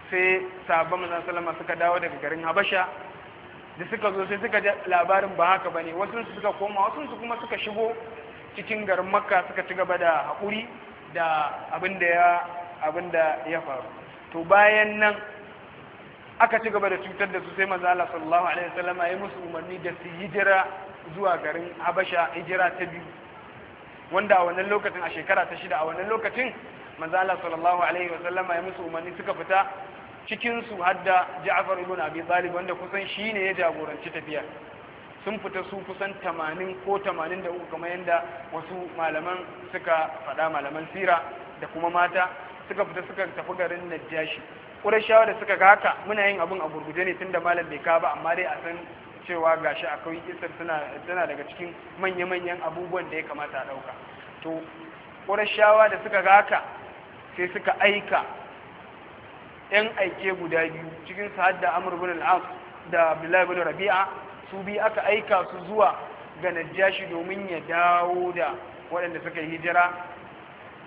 sai sabon manzon sallama suka dawo daga garin habasha da suka zo sai suka labarin ba haka bane wasu su suka koma wasu su kuma suka shigo cikin garin makka suka ci gaba da haƙuri da abin da ya abin da ya faru to bayan nan aka ci gaba da cutar da su sai manzo sallallahu alaihi wasallam ya musu umarni da su hijira zuwa garin habasha hijira ta biyu wanda a wannan lokacin a shekara ta shida a wannan lokacin manzo Allah sallallahu alaihi wa sallama ya musu umarni suka fita cikin su hadda Ja'far ibn Abi Talib wanda kusan shine ya jagoranci tafiya sun fita su kusan 80 ko 83 kamar yanda wasu malaman suka faɗa malaman sira da kuma mata suka fita suka tafi garin Najashi Qurayshawa da suka ga haka muna yin abun a gurguje ne tunda malam bai ka ba amma dai a san cewa ga shi akwai isar tana daga cikin manya-manyan abubuwan da ya kamata a ɗauka to ƙurashawa da suka gaka sai suka aika 'yan aike guda biyu cikin sa'ad da amur da rabi'a su bi aka aika su zuwa ga najashi domin ya dawo da waɗanda suka yi hijira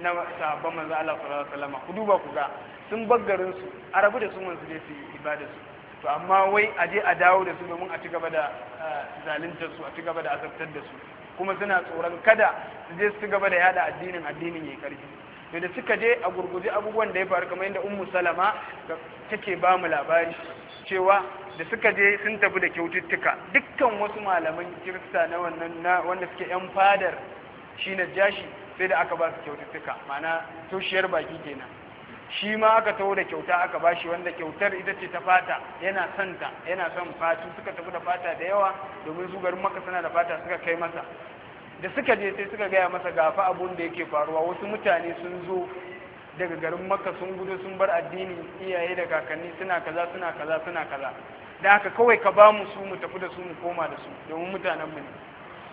na sabon manzo Allah sallallahu alaihi ku duba ku ga sun baggarin su arabu da su manzo dai su ibada su to amma wai a je a dawo da su domin a ci gaba da eh, zaluntar su a ci gaba da azabtar da su kuma suna tsoron kada su je su gaba da yada addinin addinin yayi karfi to da suka je a gurguje abubuwan da ya faru kamar yadda ummu salama take ba mu labari cewa da suka je sun tafi da kyaututtuka dukkan wasu malaman kirista na wannan na wanda suke yan fadar shi na jashi sai da aka ba su kyaututtuka ma'ana toshiyar baki kenan shi ma aka taho da kyauta aka bashi wanda kyautar ita ce ta fata yana son ta yana son fatu suka tafi da fata da yawa domin su garin maka suna da fata suka kai masa da suka je sai suka gaya masa gafa abun da yake faruwa wasu mutane sun zo daga garin maka sun gudu sun bar addini iyaye da kakanni suna kaza suna kaza suna kaza da haka kawai ka ba mu su mu tafi da su mu koma da su domin mutanen mu ne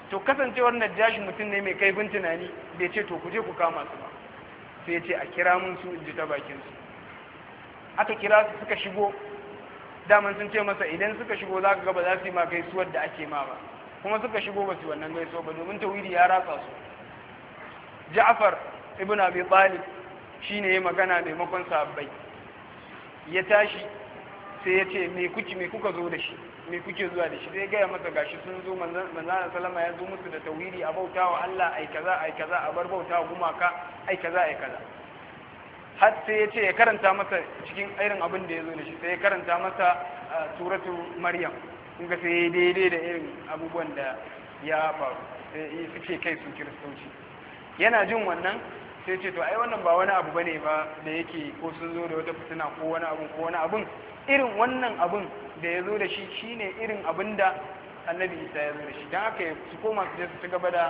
to kasancewar najashi mutum ne mai kaifin tunani bai ce to ku je ku kama su ba sai ce a kira mun su in ta bakin aka kira su suka shigo daman sun ce masa idan suka shigo za ka ga ba za su yi ma gaisuwar da ake ma ba kuma suka shigo ba su wannan gaisuwa ba domin tawhidi ya ratsa su Ja'afar ibn abi talib shine ya magana maimakon sahabbai ya tashi sai ya ce me kuke me kuka zo da shi me kuke zuwa da shi sai gaya masa gashi sun zo manzana salama ya zo musu da tauhidi a bauta wa Allah ai kaza ai kaza a bar bauta gumaka ai kaza ai kaza har sai ya ce ya karanta masa cikin irin abin da ya zo da shi sai ya karanta masa suratu maryam in ga sai daidai da irin abubuwan da ya faru sai suke kai su kiristoci yana jin wannan sai ce to ai wannan ba wani abu bane ba da yake ko sun zo da wata fitina ko wani abu ko wani abun irin wannan abin da ya zo da shi shine irin abin da annabi isa ya zo da shi don haka su koma su je su ci gaba da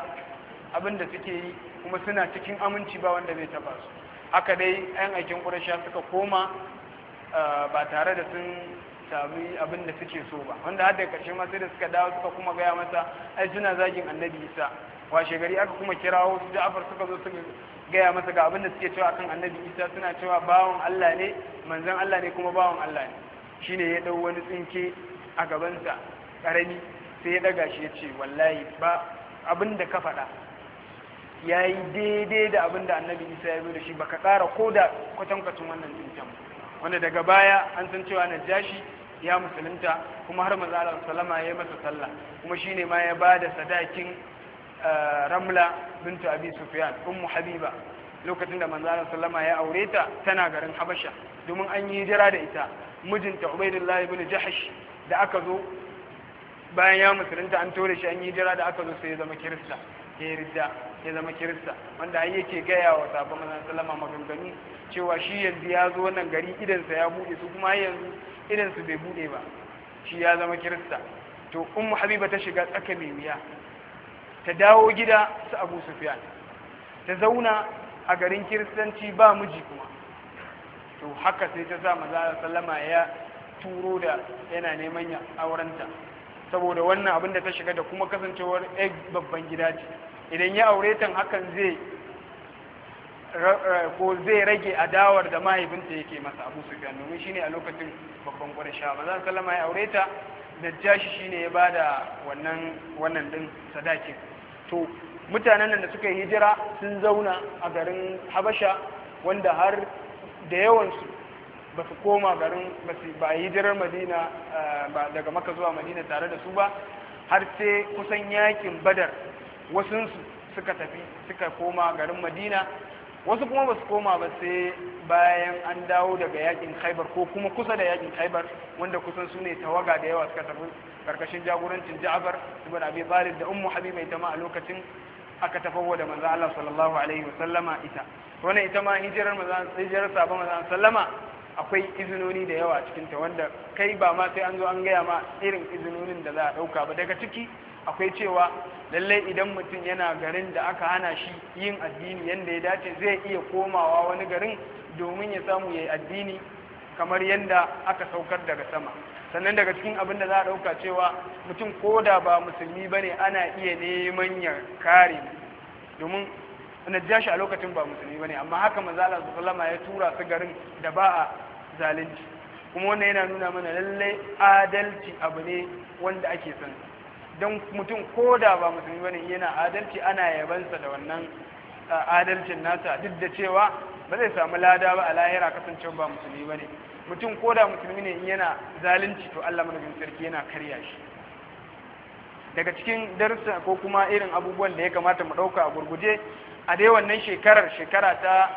abin da suke yi kuma suna cikin aminci ba wanda zai taba su haka dai yan aikin ƙurasha suka koma ba tare da sun sami abin da suke so ba wanda har daga ƙarshe ma da suka dawo suka kuma gaya masa ai suna zagin annabi isa washe gari aka kuma kirawo su ja'afar suka zo suka gaya masa ga abin da suke cewa akan annabi isa suna cewa bawan allah ne manzon allah ne kuma bawan allah ne Shi ne ya ɗau wani tsinke a gabansa ƙarami. sai ya daga shi ya ce wallahi ba abin da ka faɗa ya yi daidai da abin da annabi isa ya zo da shi ba ka tsara ko da kwatankwacin wannan tsinken wanda daga baya an san cewa na jashi ya musulunta kuma har maza salama ya masa sallah kuma shine ma ya ba da sadakin eh, ramla bintu abi sufyan habiba lokacin da manzo salama ya aure ta tana garin habasha domin an yi jira da ita mijinta ubaidullah ibn jahsh da aka zo bayan ya musulunta an tore shi an yi jira da aka zo sai ya zama kirista ya ridda ya zama kirista wanda ai yake gaya wa sabon manzon sallama maganganu cewa shi yanzu ya zo wannan gari sa ya bude su kuma yanzu su bai bude ba shi ya zama kirista to ummu habiba ta shiga tsaka mai wuya ta dawo gida su abu sufyan ta zauna a garin kiristanci ba miji kuma to haka sai ta sa maza sallama ya turo da yana neman ya aurenta saboda wannan abin da ta shiga da kuma kasancewar egg babban gida ce idan ya aure tan hakan zai ko zai rage adawar da mahaifinta yake masa abu su domin shine a lokacin babban sha maza sallama ya aure ta shi shine ya ba da wannan din sadakin to mutanen nan da suka yi hijira sun zauna a garin habasha wanda har da yawansu ba su koma garin ba a hijirar madina ba daga maka zuwa madina tare da su ba har sai kusan yakin badar wasunsu suka tafi suka koma garin madina wasu kuma ba su koma ba sai bayan an dawo daga yakin khaibar ko kuma kusa da yakin khaibar wanda kusan su ne tawaga da yawa suka tafi karkashin jagorancin ja'far ibn abi talib da ummu habiba ita ma a lokacin aka tafawo da manzo Allah sallallahu alaihi wasallama ita to wannan ita ma hijirar hijirar sabo mazan sallama akwai izinoni da yawa cikin ta wanda kai ba ma sai an zo an gaya ma irin izinonin da za a dauka ba daga ciki akwai cewa lallai idan mutum yana garin da aka hana shi yin addini yadda ya dace zai iya komawa wani garin domin ya samu ya addini kamar yadda aka saukar daga sama sannan daga cikin abin da za a ɗauka cewa mutum ko da ba musulmi ba ne ana iya neman ya kare domin najashi a lokacin ba musulmi bane amma haka manzo Allah sallama ya tura su garin da ba a zalunci kuma wannan yana nuna mana lalle adalci abu ne wanda ake son don mutum ko da ba musulmi bane yana adalci ana yabansa da wannan adalcin nasa duk da cewa ba zai samu lada ba a lahira kasancewa ba musulmi bane mutum ko da musulmi ne yana zalunci to Allah madaukakin sarki yana karya shi daga cikin darussa ko kuma irin abubuwan da ya kamata mu ɗauka a gurguje a dai wannan shekarar shekara ta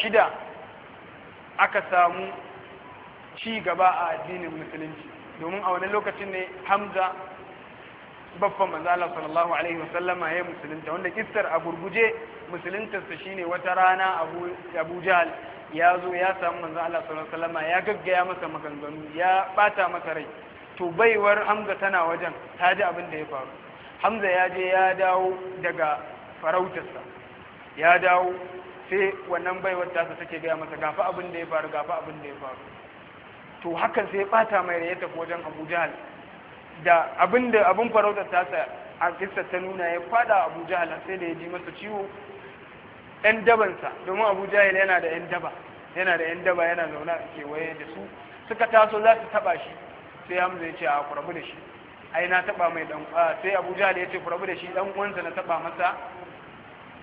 shida aka samu ci gaba a addinin musulunci domin a wani lokacin ne hamza babban manzala sallallahu alaihi wasallama ya musulunta wanda kistar a gurguje musuluntarsa shine wata rana abu jihal ya zo ya samu manzan Allah sallallahu alaihi wasallama ya gaggaya masa maganganu ya bata masa rai to baiwar hamza tana wajen ta ji abin da ya faru hamza ya je ya dawo daga farautarsa ya dawo sai wannan baiwar tasa take gaya masa gafa abin da ya faru gafa abin da ya faru to hakan sai ya bata mai rayata ko wajen abu jahal da abin da abin farautar tasa a kissa ta nuna ya fada abu jahal sai da ya ji masa ciwo yan dabansa domin abu jahal yana da yan daba yana da ɗan daba yana zaune a kewaye da su suka taso za su taba shi sai hamza ya ce a kurabu da shi ai na taba mai dan sai abu jahal ya ce kurabu da shi dan uwansa na taba masa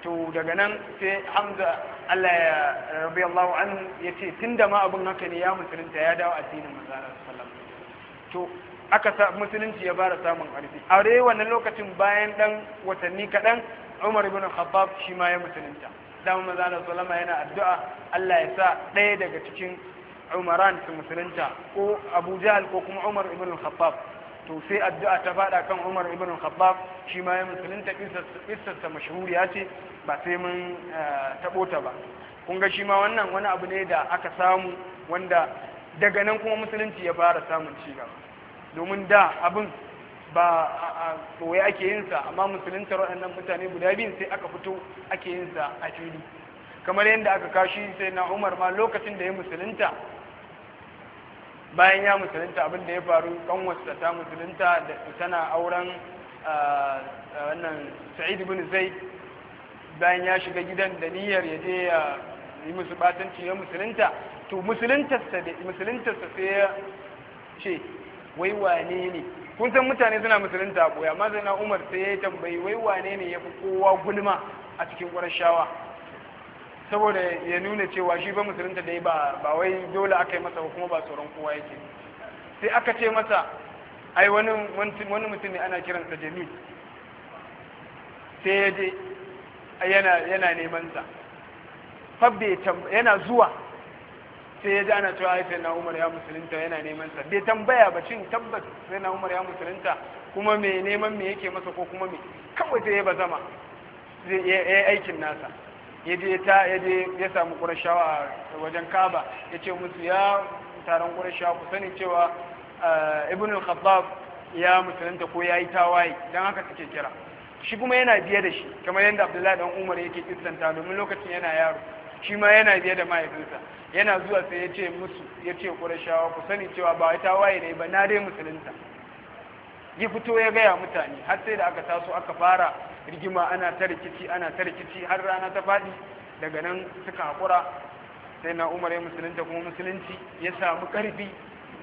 to daga nan sai hamza Allah ya rabi Allah an ya ce tun da ma abin haka ne ya musulunta ya dawo addinin manzana sallam to aka sa musulunci ya bara samun arziki a dai wannan lokacin bayan dan watanni kaɗan Umar ibn Khattab shi ma ya musulunta dan manzana salama yana addu'a Allah ya sa ɗaya daga cikin Umaran su musulunta ko Abu Jahl ko kuma Umar ibn Khattab to sai addu'a ta faɗa kan Umar ibn Khattab shi ma ya musulunta kissarsa mashhuriya ce ba sai mun eh, taɓo ta ba kun ga shi ma wannan wani abu ne da aka samu wanda daga nan kuma musulunci ya fara samun ci gaba domin da abin ba a tsoye ake yin sa amma musuluntar waɗannan mutane guda biyu sai aka fito ake yin sa a fili kamar yadda aka kashi sai na umar ma lokacin da ya musulunta bayan ya musulunta abin da ya faru kanwarsa ta musulunta da tana auren eh, wannan sa'id bin zaid bayan ya shiga gidan da niyyar ya je ya yi musu batanci ya musulunta to musuluntarsa da musuluntarsa sai ya ce wai wane ne kun san mutane suna musulunta ko koya amma na umar sai ya tambayi wai wane ne ya fi kowa gulma a cikin ƙwarashawa saboda ya nuna cewa shi ba musulunta dai ba ba wai dole aka yi masa ba kuma ba tsoron kowa yake sai aka ce masa ai wani mutum ne ana kiransa jamil sai ya je yana neman sa yana zuwa sai ya ji ana cewa ya sai na Umar ya musulunta yana neman sa bai tambaya ba cin tabbas sai na Umar ya musulunta kuma me neman me yake masa ko kuma me kawai sai ya zama zai yi aikin nasa yaje ta yaje ya samu a wajen ya yace musu ya taron kurashawa ku sani cewa eh, Ibn al-Khattab ya musulunta ko ya yi tawaye don haka suke kira shi kuma yana biye da shi kamar yadda abdullahi dan umar yake kisanta domin lokacin yana yaro shi ma yana biye da mahaifinsa yana zuwa sai ya ce musu ya ce ƙurashawa ku sani cewa ba wata waye ne ba na dai musulunta ya fito ya gaya mutane har sai da aka taso aka fara rigima ana ta rikici ana ta rikici har rana ta faɗi daga nan suka haƙura sai na umar ya musulunta kuma musulunci ya samu ƙarfi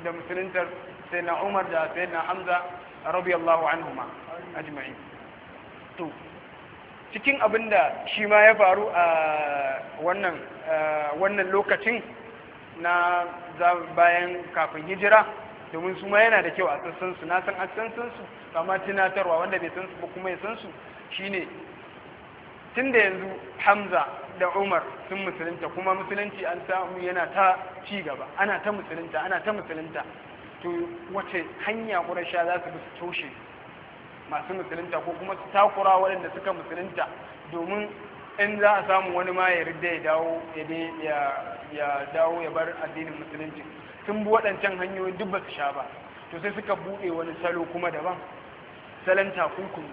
da musuluntar sai na umar da sai na hamza rabiyallahu ma ajma'in to cikin abin da shi ma ya faru a wannan lokacin na bayan kafin hijira domin su ma yana da kyau a sassansu na san sassansu amma tunatarwa wanda bai san ba kuma ya san su shine tun da yanzu hamza da umar sun musulunta kuma musulunci an samu yana ta ci gaba ana ta musulunta ana ta musulunta to wace hanya ƙurasha za su bi su toshe masu musulunta ko kuma su takura waɗanda suka musulunta domin in za a samu wani ma ya rida ya dawo ya bar addinin musulunci sun bi waɗancan hanyoyin duk ba su sha ba to sai suka buɗe wani salo kuma daban salon takunkun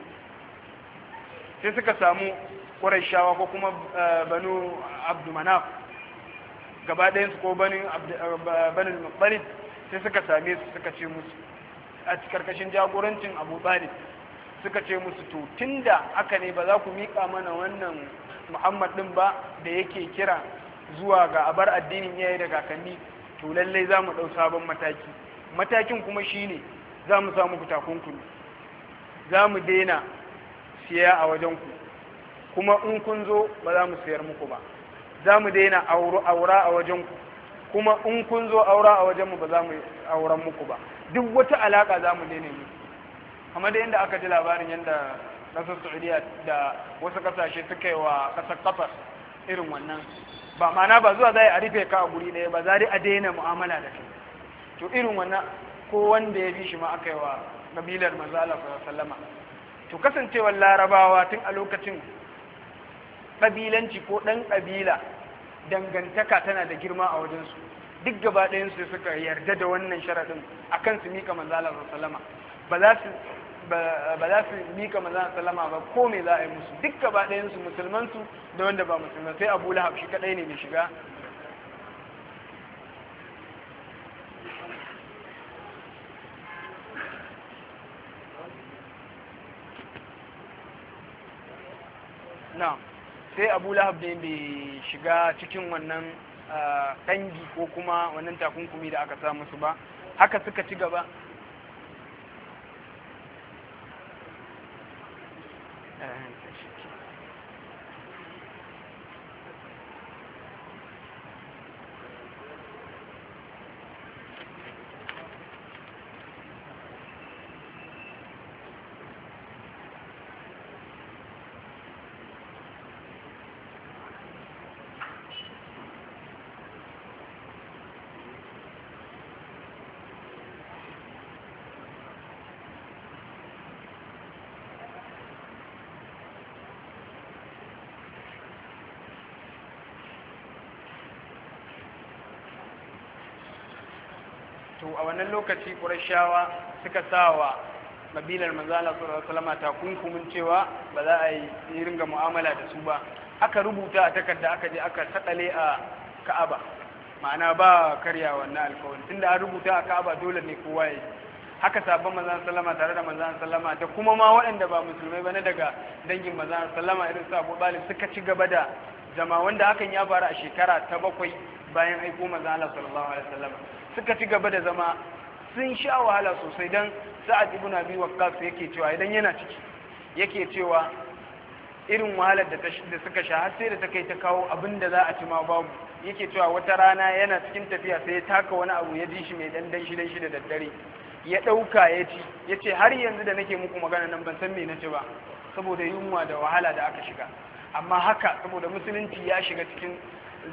sai suka samu ƙurashawa ko kuma eh, banu abdumanaf gaba ɗayansu ko banin eh, banin mutsalin sai suka same su suka ce musu a karkashin jagorancin abu talib suka ce musu to tunda aka ne ba za ku miƙa mana wannan muhammad ɗin ba da yake kira zuwa ga abar addinin iyaye da kakanni to lallai za mu ɗau sabon mataki matakin kuma shine za mu samu ku takunkumi za mu daina siya a wajenku kuma in kun zo ba za mu sayar muku ba za mu daina aura a wajenku kuma in kun zo aura a wajenmu ba za mu auren muku ba duk wata alaƙa za mu daina yi kamar da yadda aka ji labarin yadda ƙasar saudiya da wasu ƙasashe suka yi wa ƙasar kafar irin wannan ba mana ba zuwa za a rufe ka a guri ɗaya ba za a daina mu'amala da kai to irin wannan ko wanda ya fi shi ma aka yi wa ƙabilar manzala sallama to kasancewar larabawa tun a lokacin ƙabilanci ko ɗan ƙabila dangantaka tana da girma a wajensu duk gaba ɗayansu suka yarda da wannan sharaɗin a kan su miƙa manzala sallama ba za su ba za su za a salama ba ko mai za a yi musu duka ba ɗayan su musulman su da wanda ba musulman sai abu lahab shi kadai ne mai shiga na sai abu lahab ne mai shiga cikin wannan ah, dangi ko kuma wannan takunkumi da aka sa musu ba haka suka ci gaba and uh, to a wannan lokaci ƙurashawa suka sawa mabilar manzala ta kunkumin cewa ba za a yi ringa mu'amala da su ba aka rubuta a takarda aka je aka saɗale a ka'aba ma'ana ba karya wannan alkawari tunda an rubuta a ka'aba dole ne kowa ya haka sabon manzan sallama tare da manzan sallama da kuma ma waɗanda ba musulmai ba na daga dangin manzan sallama irin su abu suka ci gaba da zama wanda hakan ya faru a shekara ta bakwai bayan aiko manzan Allah sallallahu alaihi wasallam suka ci gaba da zama sun sha wahala sosai don sa'ad ibn abi waqqas yake cewa idan yana ciki yake cewa irin wahalar da suka sha har sai da ta kai ta kawo abin da za a ci ma babu yake cewa wata rana yana cikin tafiya sai ya taka wani abu ya ji shi mai dandan shi da daddare ya dauka ya ci ya ce har yanzu da nake muku magana nan ban san me na ci ba saboda yunwa da wahala da aka shiga amma haka saboda musulunci ya shiga cikin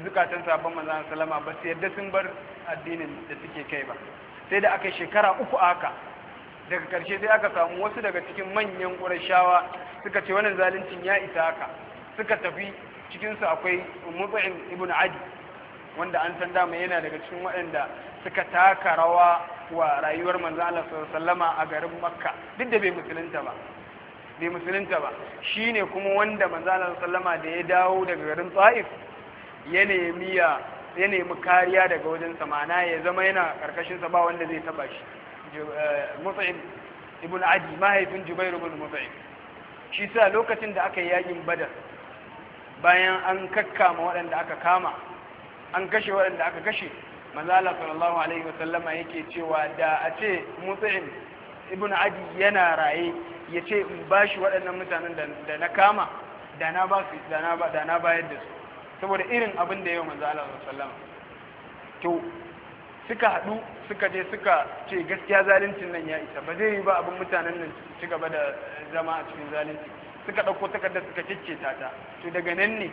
zukatan sabon manzon salama ba su yadda sun bar addinin da suke kai ba sai da aka shekara uku aka daga karshe sai aka samu wasu daga cikin manyan ƙurashawa suka ce wannan zaluncin ya isa haka suka tafi cikinsu akwai mutsa'in ibn adi wanda an san dama yana daga cikin waɗanda suka taka rawa wa rayuwar manzo Allah sallama a garin makka duk da bai musulunta ba bai musulunta ba shine kuma wanda manzanar Allah sallama da ya dawo daga garin ta'if ya nemi kariya daga wajen samana ya zama yana karkashin sa ba wanda zai taba shi eh, mut'im ibn adi mahaifin jubair ibn mut'im shi sa lokacin da aka yi yakin badar bayan an kakkama waɗanda aka kama an kashe waɗanda aka kashe manzala sallallahu alaihi wasallama yake cewa da a ce mut'im ibn adi yana raye ya ce in bashi waɗannan mutanen da na kama da na bayar da su saboda irin abin da ya yi wa manzo Allah sallama to suka haɗu suka je suka ce gaskiya zaluncin nan ya isa ba zai yi ba abin mutanen nan ci gaba da zama a cikin zalunci suka ɗauko takardar suka cicce ta to daga nan ne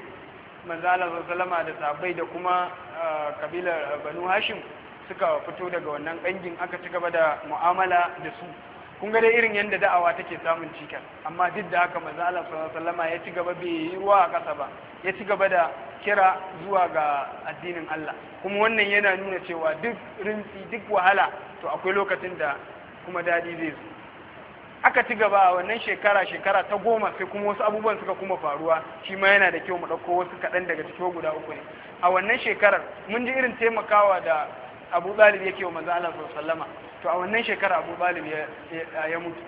manzo Allah sallama da sabai da kuma ah, kabilar Banu Hashim suka fito daga wannan ƙangin aka ci gaba da mu'amala da su kun ga dai irin yadda da'awa take samun cikas amma duk da haka manzo Allah sallallahu alaihi ya ci gaba bai yi ruwa a kasa ba ya ci gaba da kira zuwa ga addinin Allah kuma wannan yana nuna cewa duk rinsi duk wahala to akwai lokacin da kuma dadi zai zo aka ci gaba a wannan shekara shekara ta goma sai kuma wasu abubuwan suka kuma faruwa shi ma yana da kyau mu ɗauko wasu kaɗan daga cikin guda uku ne a wannan shekarar mun ji irin taimakawa da abu ɗalib yake wa manzo Allah sallallahu alaihi to a wannan shekara abu balib ya mutu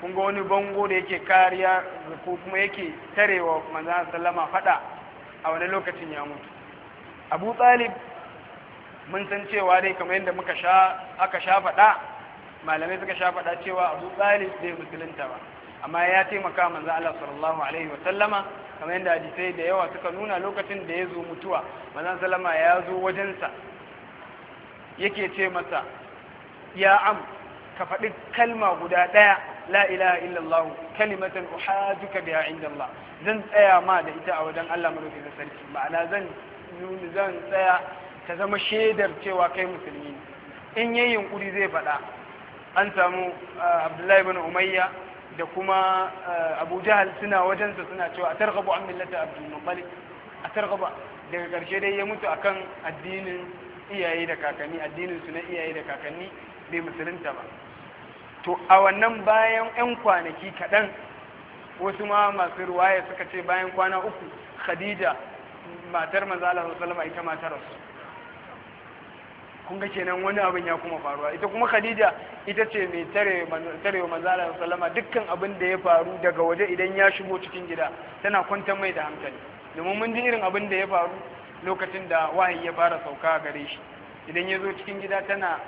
kun ga wani bango da yake kariya ko kuma yake tarewa manzan sallama faɗa a wani lokacin ya mutu abu talib mun san cewa dai kamar yadda muka sha aka sha faɗa malamai suka sha faɗa cewa abu talib bai musulunta ba amma ya taimaka manzo Allah sallallahu alaihi wa sallama kamar yadda hadisai da yawa suka nuna lokacin da ya zo mutuwa manzo sallama ya zo wajensa yake ce masa ya am ka faɗi kalma guda ɗaya la ilaha illallah kalimatan uhajuka biha inda Allah zan tsaya ma da ita a wajen Allah madaukakin sarki ma'ana zan nuni zan tsaya ta zama shaidar cewa kai musulmi in yayin yunkuri zai faɗa an samu ah, Abdullahi bin Umayya da kuma ah, Abu Jahal suna wajensa suna cewa a a an millata Abdul Muttalib atarghaba daga ƙarshe dai ya mutu akan addinin iyaye da kakanni addinin su na iyaye da kakanni bai musulunta ba to a wannan bayan 'yan kwanaki kaɗan wasu ma masu ruwaya suka ce bayan kwana uku khadija matar manzala sallama ita matar su kun ga kenan wani abin ya kuma faruwa ita kuma khadija ita ce mai tare mazala manzala sallama dukkan abin da ya faru daga waje idan ya shigo cikin gida tana kwantar mai da hankali domin mun ji irin abin da ya faru lokacin da wahayi ya fara sauka gare shi idan ya zo cikin gida tana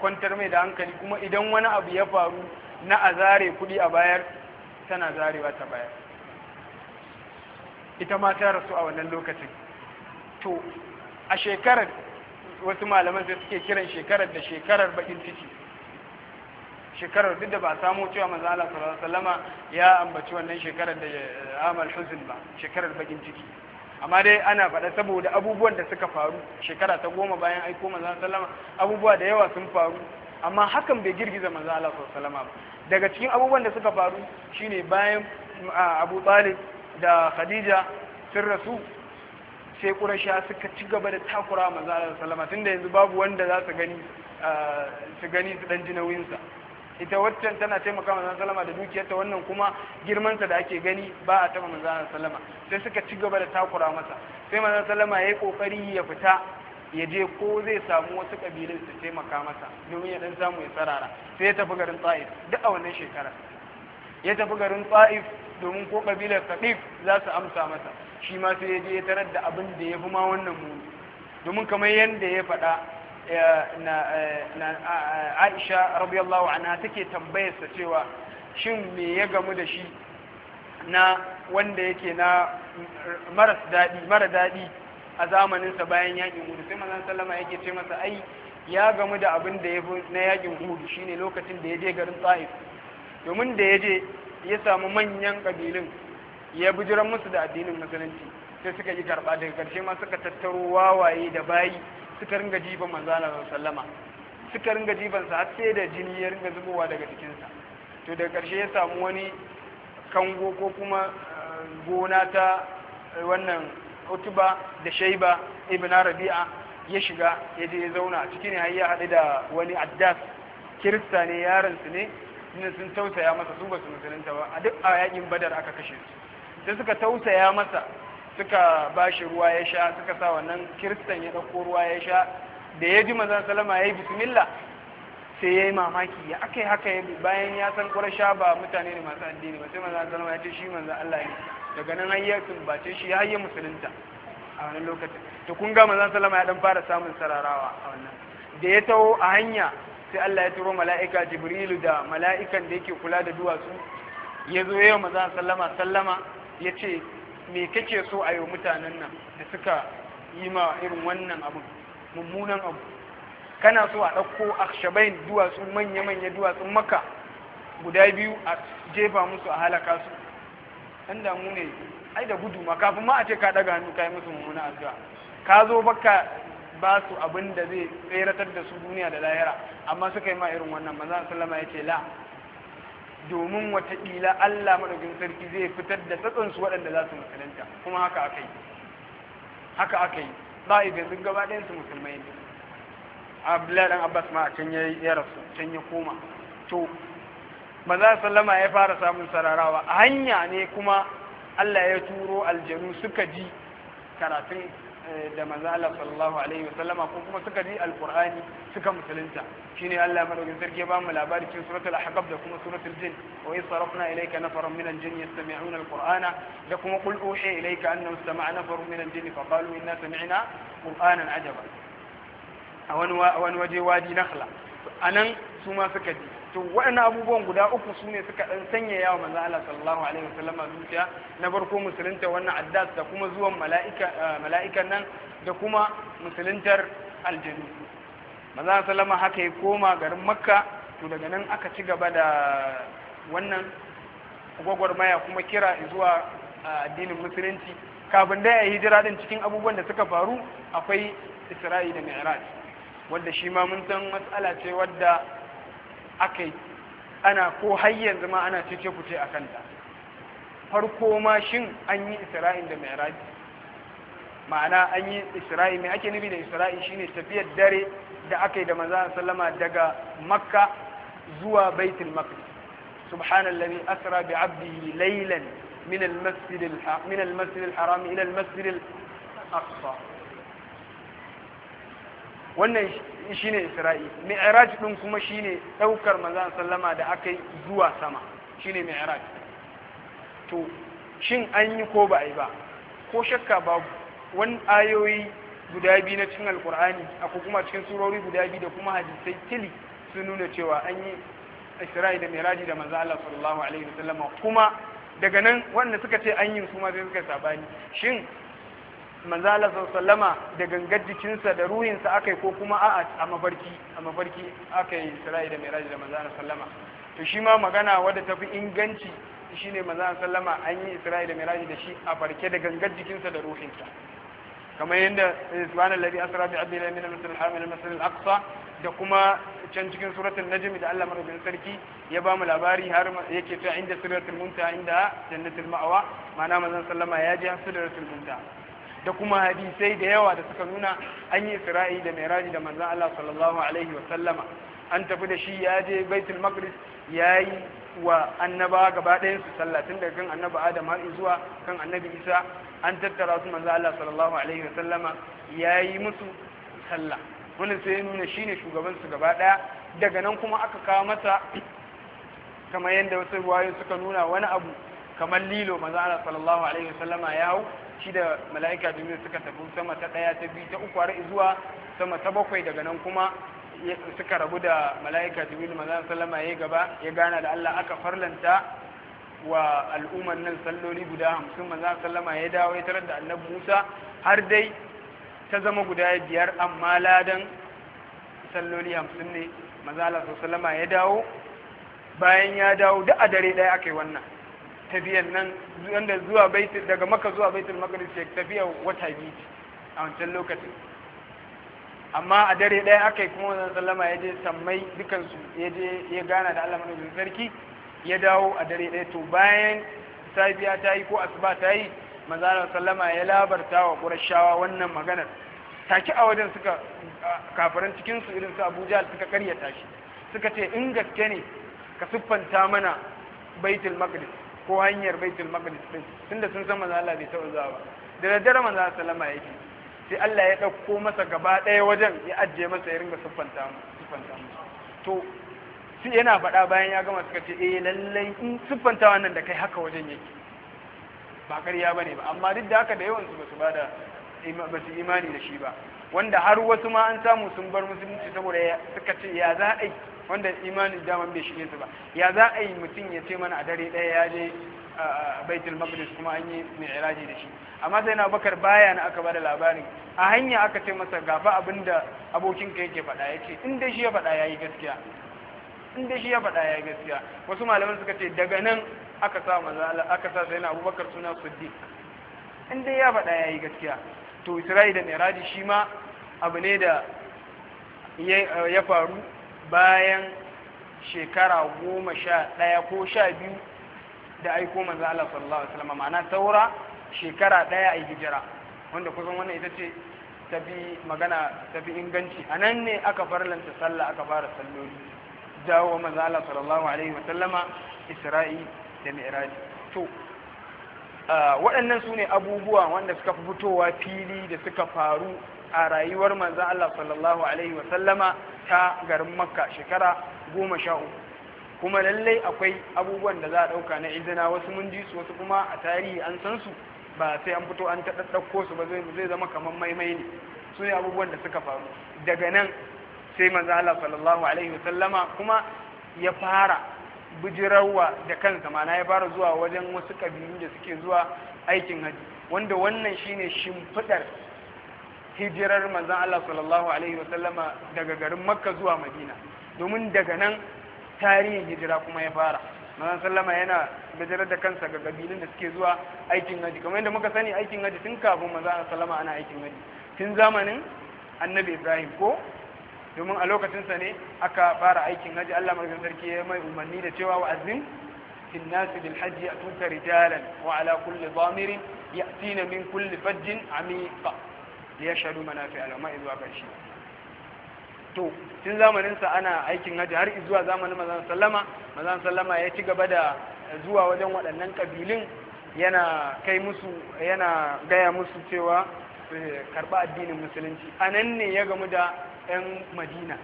kwantar mai da hankali kuma idan wani abu ya faru na a zare kuɗi a bayar tana zarewa ta bayar ita ma ta rasu a wannan lokacin to a shekarar wasu malaman sai suke kiran shekarar da shekarar bakin ciki shekarar duk da ba samu cewa manzo Allah sallallahu alaihi wasallama ya ambaci wannan shekarar da eh, amal huzn ba shekarar bakin ciki amma dai ana faɗa saboda abubuwan da suka faru shekara ta goma bayan aiko manzo sallama abubuwa da yawa sun faru amma hakan bai girgiza manzo Allah sallama ba daga cikin abubuwan da suka faru shine bayan Abu Talib da Khadija sun rasu sai Quraysha suka ci gaba da takura manzo Allah sallama tunda yanzu babu wanda za su gani su gani su dan jinawinsa ita waccan tana taimaka manzon sallama da dukiyarta wannan kuma girmansa da ake gani ba a taba manzon sallama sai suka ci gaba da takura masa sai manzon sallama yayi kokari ya fita ya je ko zai samu wasu kabilun su taimaka masa domin ya dan samu ya sarara sai ya tafi garin Taif duk a wannan shekara ya tafi garin Taif domin ko kabilar Taif za su amsa masa shi ma sai ya je ya tarar da abin da ya fi ma wannan mu domin kamar yadda ya faɗa Eh, eh, eh, aisha rabiyallahu anha take tambayarsa cewa shin me ya gamu da shi na wanda yake na maras daɗi mara daɗi a zamaninsa bayan yakin hudu sai mazan sallama yake ce masa ai ya gamu da abin da ya na yakin hudu shine lokacin da ya je garin ta'if domin da ya je ya samu manyan ƙabilun ya bujiran musu da addinin musulunci sai suka yi karɓa daga ƙarshe ma suka tattaro wawaye da bayi suka ringa jiban manzala sallama suka ringa jibansa har sai da jini ya ringa zubowa daga cikinsa to daga ƙarshe ya samu wani kango ko kuma eh, gona ta eh, wannan utuba da shaiba ibn rabi'a ya shiga ya je ya zauna a cikin ne har ya haɗu da wani addas kirista ne yaransu ne inda sun tausaya masa su ba su musulunta a duk a yakin badar aka kashe su sai suka tausaya masa suka ba shi ruwa ya sha suka sa wannan kiristan ya ɗauko ruwa ya sha da ya ji mazan salama ya yi bismillah sai ya yi mamaki ya aka yi haka ya bi bayan ya san sha ba mutane ne masu addini ba sai mazan salama ya ce shi manzan Allah ne daga nan har sun bace shi ya hayya musulunta a wani lokacin to kun ga mazan salama ya ɗan fara samun sararawa a wannan da ya taho a hanya sai Allah ya turo mala'ika Jibrilu da mala'ikan da yake kula da duwatsu ya zo yau mazan salama sallama ya ce me kake so a yi mutanen nan da suka yi ma irin wannan abu mummunan abu kana so a ɗauko akshabain duwatsu manya-manya duwatsun maka guda biyu a jefa musu a halaka su ɗan damu ne ai da gudu ma kafin ma a ce ka ɗaga hannu ka yi musu mummuna addu'a ka zo baka ba su abin da zai tseratar da su duniya da lahira amma suka yi ma irin wannan manzan sallama ya ce la domin wataƙila Allah madaukin sarki zai fitar da tsatsansu waɗanda za su musulunta kuma haka aka yi haka aka yi ba a gazin gaba ɗayansu musulmai ne abdullahi dan abbas ma a can ya rasu can ya koma to maza sallama ya fara samun sararawa a hanya ne kuma Allah ya turo aljanu suka ji karatun da manzala sallallahu alaihi wasallam ko kuma suka ji alqur'ani suka musulunta shine Allah madaukakin sarki ba mu labari cikin suratul ahqaf da kuma suratul jin wa yasrafna ilayka nafaran min al yastami'una alqur'ana da kuma qul uhi ilayka annahu sama'a nafarun min al fa qalu inna sami'na qur'anan ajaba a wani waje wadi nakhla anan su ma suka ji to waɗannan abubuwan guda uku su ne suka ɗan sanya yawa manzo Allah sallallahu alaihi wasallam a zuciya na farko musulunta wannan addas da kuma zuwan mala'ika eh, mala'ikan nan da kuma musuluntar aljanu manzo sallama haka ya koma garin makka to daga nan aka ci gaba da wannan gwagwarmaya kuma kira zuwa addinin musulunci kafin da ya hijira din cikin abubuwan da suka faru akwai isra'i da mi'raj wanda shi ma mun san matsala ce wadda akai ana ko har yanzu ma ana cike kuce a kanta farko ma shin an yi isra'il da mi'raj ma'ana an yi isra'i mai ake nufi da isra'i shine tafiyar dare da aka da manzo sallama daga makka zuwa baitul makka subhanallahi asra bi 'abdihi laylan min ila al-masjid al-haram ila al-masjid al-aqsa wannan shine isra'i mi'raj din kuma shine daukar manzon sallama da aka yi zuwa sama shine mi'raj to shin an yi ko ba a yi ba ko shakka babu wani ayoyi guda biyu na cikin alkur'ani a kuma cikin surori guda biyu da kuma hadisai tili sun nuna cewa an yi isra'i da miraji da manzo Allah sallallahu alaihi wasallam kuma daga nan wanda suka ce an yi su ma sai suka sabani shin manzala sallama da gangar jikinsa da ruhinsa aka yi ko kuma a a mafarki a mafarki aka yi isra'i da miraji da manzala sallama to shi ma magana wadda ta fi inganci shine manzala sallama an yi isra'i da miraji da shi a farke da gangar jikinsa da ruhinsa kamar yadda subhanal ladhi asra bi abdihi min al-masjid al-haram ila al al-aqsa da kuma can cikin suratul najm da Allah madaukakin sarki ya ba mu labari har yake ta inda suratun muntaha inda jannatul ma'wa ma'ana manzon sallama ya ji siratul muntaha da kuma hadisai da yawa da suka nuna an yi isra'i da miraji da manzan Allah sallallahu alaihi wasallama an tafi da shi ya je baitul maqdis ya yi wa annaba gaba ɗayan su sallah daga kan annaba adam har zuwa kan annabi isa an tattara su manzan Allah sallallahu alaihi wasallama ya yi musu sallah Wani sai ya nuna ne shugaban su gaba ɗaya daga nan kuma aka kawo masa kamar yadda wasu ruwayoyi suka nuna wani abu kamar lilo manzan Allah sallallahu alaihi wasallama ya hau shi da mala'ika duniya suka tafi sama ta ɗaya ta biyu ta uku har zuwa sama ta bakwai daga nan kuma suka rabu da mala'ika jibril manzon sallama ya gaba ya gana da Allah aka farlanta wa al'ummar nan salloli guda hamsin manzon sallama ya dawo ya tarar da annabi Musa har dai ta zama guda biyar amma ladan salloli hamsin ne manzon sallama ya dawo bayan ya dawo duk a dare ɗaya aka yi wannan tafiyan nan wanda zuwa baitul daga maka zuwa baitul maqdis ke tafiya wata biyu a wancan lokacin amma a dare ɗaya aka yi kuma wannan sallama ya sammai dukansu ya yaje ya gana da Allah madaukakin sarki ya dawo a dare ɗaya to bayan safiya ta yi ko asuba ta yi manzo sallama ya labarta wa qurashawa wannan maganar take a wajen suka kafiran cikin su irin su Abuja suka karyata shi suka ce in gaske ne ka siffanta mana baitul maqdis ko hanyar baitul maqdis din tunda sun san manzo Allah bai taɓa zuwa ba da daddare manzo Allah sallama yake sai Allah ya dauko masa gaba ɗaya wajen ya ajiye masa ya ringa siffanta mu siffanta mu to shi yana faɗa bayan ya gama suka ce eh lallai in siffanta wannan da kai haka wajen yake ba ƙarya bane ba amma duk da haka da yawan su basu bada ba su imani da shi ba wanda har wasu ma an samu sun bar musulunci saboda suka ce ya za a wanda imanin daman bai shige su ba ya za a yi mutum ya ce mana a dare ɗaya ya je baitul maqdis kuma an yi mi'raji da shi amma sai na bakar baya na aka bada labarin a hanya aka ce masa gafa abinda abokin ka yake faɗa yace in dai shi ya faɗa yayi gaskiya in dai shi ya faɗa yayi gaskiya wasu malaman suka ce daga nan aka sa manzo Allah aka sa sai na Abubakar suna Siddiq in dai ya faɗa yayi gaskiya to Isra'i da Mi'raji shi ma abu ne da ya faru bayan shekara goma sha ɗaya ko sha biyu da aiko manzo Allah sallallahu alaihi wasallam ma'ana taura shekara ɗaya a hijira wanda kusan wannan ita ce ta bi magana ta bi inganci a nan ne aka farlanta sallah aka fara salloli dawo manzo Allah sallallahu alaihi wasallama Isra'i da Mi'raj to waɗannan su ne abubuwa wanda suka fi fitowa fili da suka faru a rayuwar manzan Allah sallallahu Alaihi wasallama ta garin makka shekara goma sha uku kuma lallai akwai abubuwan da za a ɗauka na izina wasu mun ji su wasu kuma a tarihi an san su ba sai an fito an taɗaɗɗauko su ba zai zama kamar maimai ne su ne abubuwan da suka faru daga nan sai manzan Allah sallallahu Alaihi wasallama kuma ya fara bijirarwa da kansa mana ya fara zuwa wajen wasu ƙabilu da suke zuwa aikin haji wanda wannan shine shimfiɗar hijirar manzan Allah sallallahu alaihi wasallama daga garin makka zuwa madina domin daga nan tarihin hijira kuma ya fara manzan sallama yana bijirar da kansa ga kabilun da suke zuwa aikin haji kamar yadda muka sani aikin haji tun kafin manzan sallama ana aikin haji tun zamanin annabi ibrahim ko domin a lokacinsa ne aka fara aikin haji allah margan sarki ya mai umarni da cewa wa'azin fin nasu bil hajji a tuta rijalan wa ala kulli zamirin ya'tina min kulli fajjin amiqa da ya shaɗu manafi alama zuwa ƙarshe to tun zamaninsa ana aikin hajji har zuwa zamanin mazan sallama mazan sallama ya ci gaba da zuwa wajen waɗannan ƙabilun yana kai musu yana gaya musu cewa eh, karɓa addinin musulunci a nan ne ya gamu da 'yan madina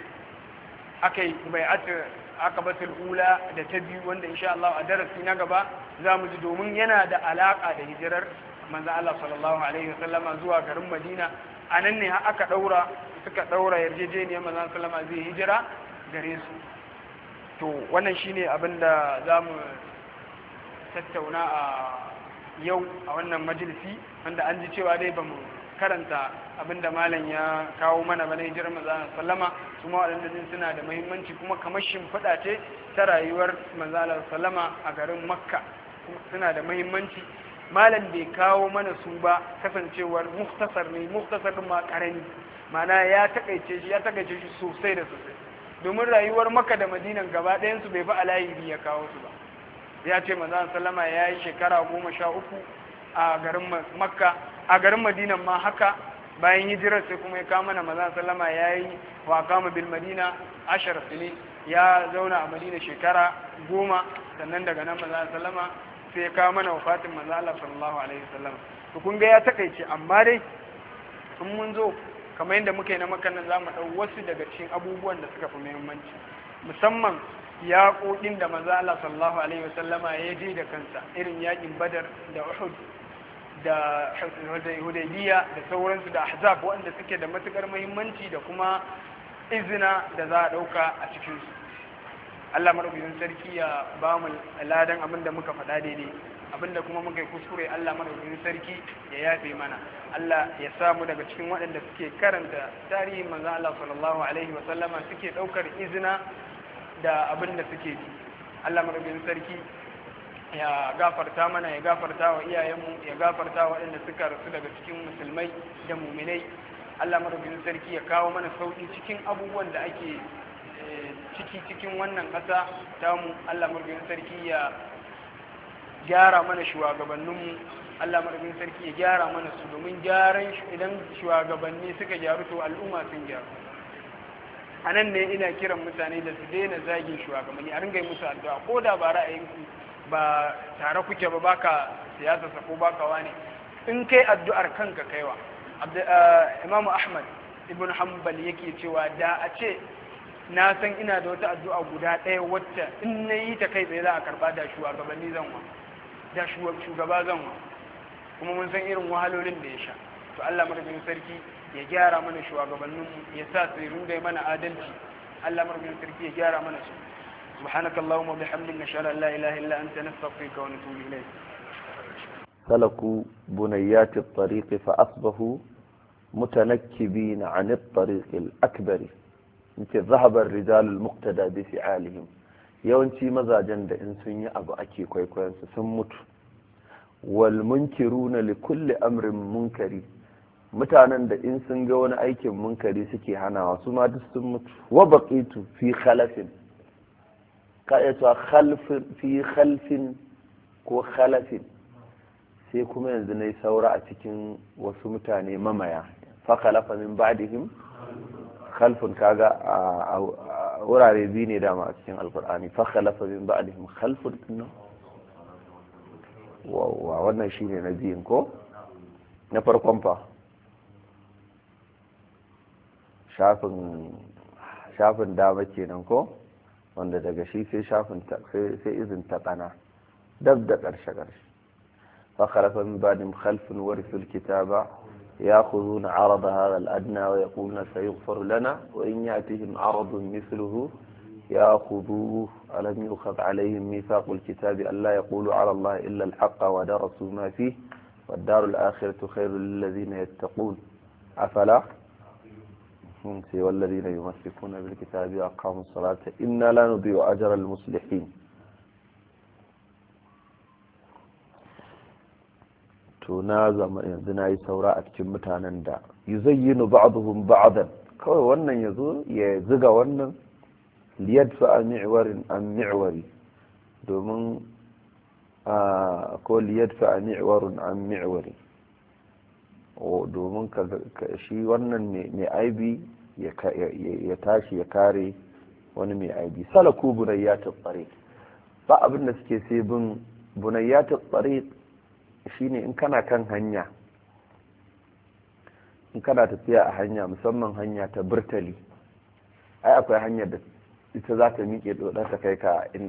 aka yi bai aka ba ula da ta biyu wanda insha Allah a darasi na gaba za mu ji domin yana da alaƙa da hijirar manzo Allah sallallahu alaihi wasallama zuwa garin Madina a nan ne aka daura suka daura yarjejeniyar manzo sallama zai hijira gare su to wannan shine abin da zamu tattauna a yau a wannan majalisi wanda an ji cewa dai bamu karanta abinda malam ya kawo mana ba hijirar manzon sallama kuma waɗanda suna da muhimmanci kuma kamar shimfiɗa ce ta rayuwar manzon sallama a garin makka suna da muhimmanci malam bai kawo mana su ba kasancewar muktasar ne muktasar ma karami mana ya takaice shi ya takaice shi sosai da sosai domin rayuwar maka da madinan gaba ɗayansu bai fi alayi ya kawo su ba ya ce manzan salama ya yi shekara goma sha uku a garin makka a garin madinan ma haka bayan hijirar sai kuma ya kama mana manzan salama ya yi wa kama bil madina ashar ya zauna a madina shekara goma sannan daga nan manzan salama sai ya kawo mana wafatin manzo Allah sallallahu alaihi wasallam to kun ga ya takaice amma dai in mun zo kamar yadda muka yi na makan za mu ɗau wasu daga cikin abubuwan da suka fi muhimmanci musamman yaƙoƙin da manzo Allah sallallahu alaihi wasallama ya je da kansa irin yaƙin Badar da Uhud da Hudaybiya da sauransu da Ahzab waɗanda suke da matukar muhimmanci da kuma izina da za a ɗauka a cikinsu Allah madaukakin sarki ya ba mu ladan abin da muka faɗa daidai abin da kuma muka yi kuskure Allah madaukakin sarki ya yafe mana Allah ya samu daga cikin waɗanda suke karanta tarihin manzan Allah sallallahu alaihi wa sallama suke ɗaukar izina da abin da suke ji Allah madaukakin sarki ya gafarta mana ya gafarta wa iyayenmu ya gafarta wa waɗanda suka rasu daga cikin musulmai da muminai Allah madaukakin sarki ya kawo mana sauƙi cikin abubuwan da ake ciki cikin wannan ƙasa tamu Allah madaukakin sarki ya gyara mana shugabanninmu Allah madaukakin sarki ya gyara mana su domin gyaran idan shugabanni suka gyaru to al'umma sun gyaru a nan ne ina kiran mutane da su daina zagin shugabanni a ringa yi musu addu'a ko da ba ra'ayinku ba tare kuke ba baka siyasa ko baka wani in kai addu'ar kanka kaiwa eh, imamu Ahmad ibn Hanbal yake cewa da a ce na san ina da wata addu'a guda ɗaya wacce in na yi ta kai tsaye za a karɓa da shugabanni zan wa da shugaba zan wa kuma mun san irin wahalolin da ya sha to Allah madaukakin sarki ya gyara mana shugabanninmu ya sa su ringa mana adalci Allah madaukakin sarki ya gyara mana su سبحانك اللهم وبحمدك نشهد ان لا اله الا انت نستغفرك ونتوب اليك سلكوا بنيات الطريق فاصبحوا متنكبين عن الطريق الاكبر ce zahabar rijalul muqtada bi fi'alihim yawanci mazajen da in sun yi abu ake kwaikwayon su sun mutu wal munkiruna li kulli amrin munkari mutanen da in sun ga wani aikin munkari suke hanawa su ma duk sun mutu wa baqitu fi khalafin ka fi khalfin ko khalafin sai kuma yanzu na saura a cikin wasu mutane mamaya fa khalafa min ba'dihim khalfun kaga a wurare biyu ne dama a cikin alkur'ani fa khalafa min ba'dihim khalfun dinna wa wannan shine na biyun ko na farkon fa shafin shafin dama kenan ko wanda daga shi sai shafin sai izin ta tsana dab da karshe karshe fa khalafa min ba'dihim khalfun warithu kitaba يأخذون عرض هذا الأدنى ويقولون سيغفر لنا وإن يأتهم عرض مثله يأخذوه ألم يؤخذ عليهم ميثاق الكتاب ألا يقولوا على الله إلا الحق ودرسوا ما فيه والدار الآخرة خير للذين يتقون أفلا هم سوى الذين يمسكون بالكتاب وأقاموا الصلاة إنا لا نضيع أجر المصلحين to na zama yanzu na yi saura a cikin mutanen da yi zai yi nu ba'aduhun ba'adan kawai wannan ya zo ya ziga wannan liyad fa an mi'warin an mi'wari domin a ko liyad fa an mi'warun an o domin shi wannan mai aibi ya tashi ya kare wani mai aibi salaku bunayyatul tariq ba abin da suke sai bin bunayyatul tariq shine in kana kan hanya in kana tafiya a hanya musamman hanya ta burtali ai akwai hanyar da ita za ta miƙe ɗoɗa ta kai ka inda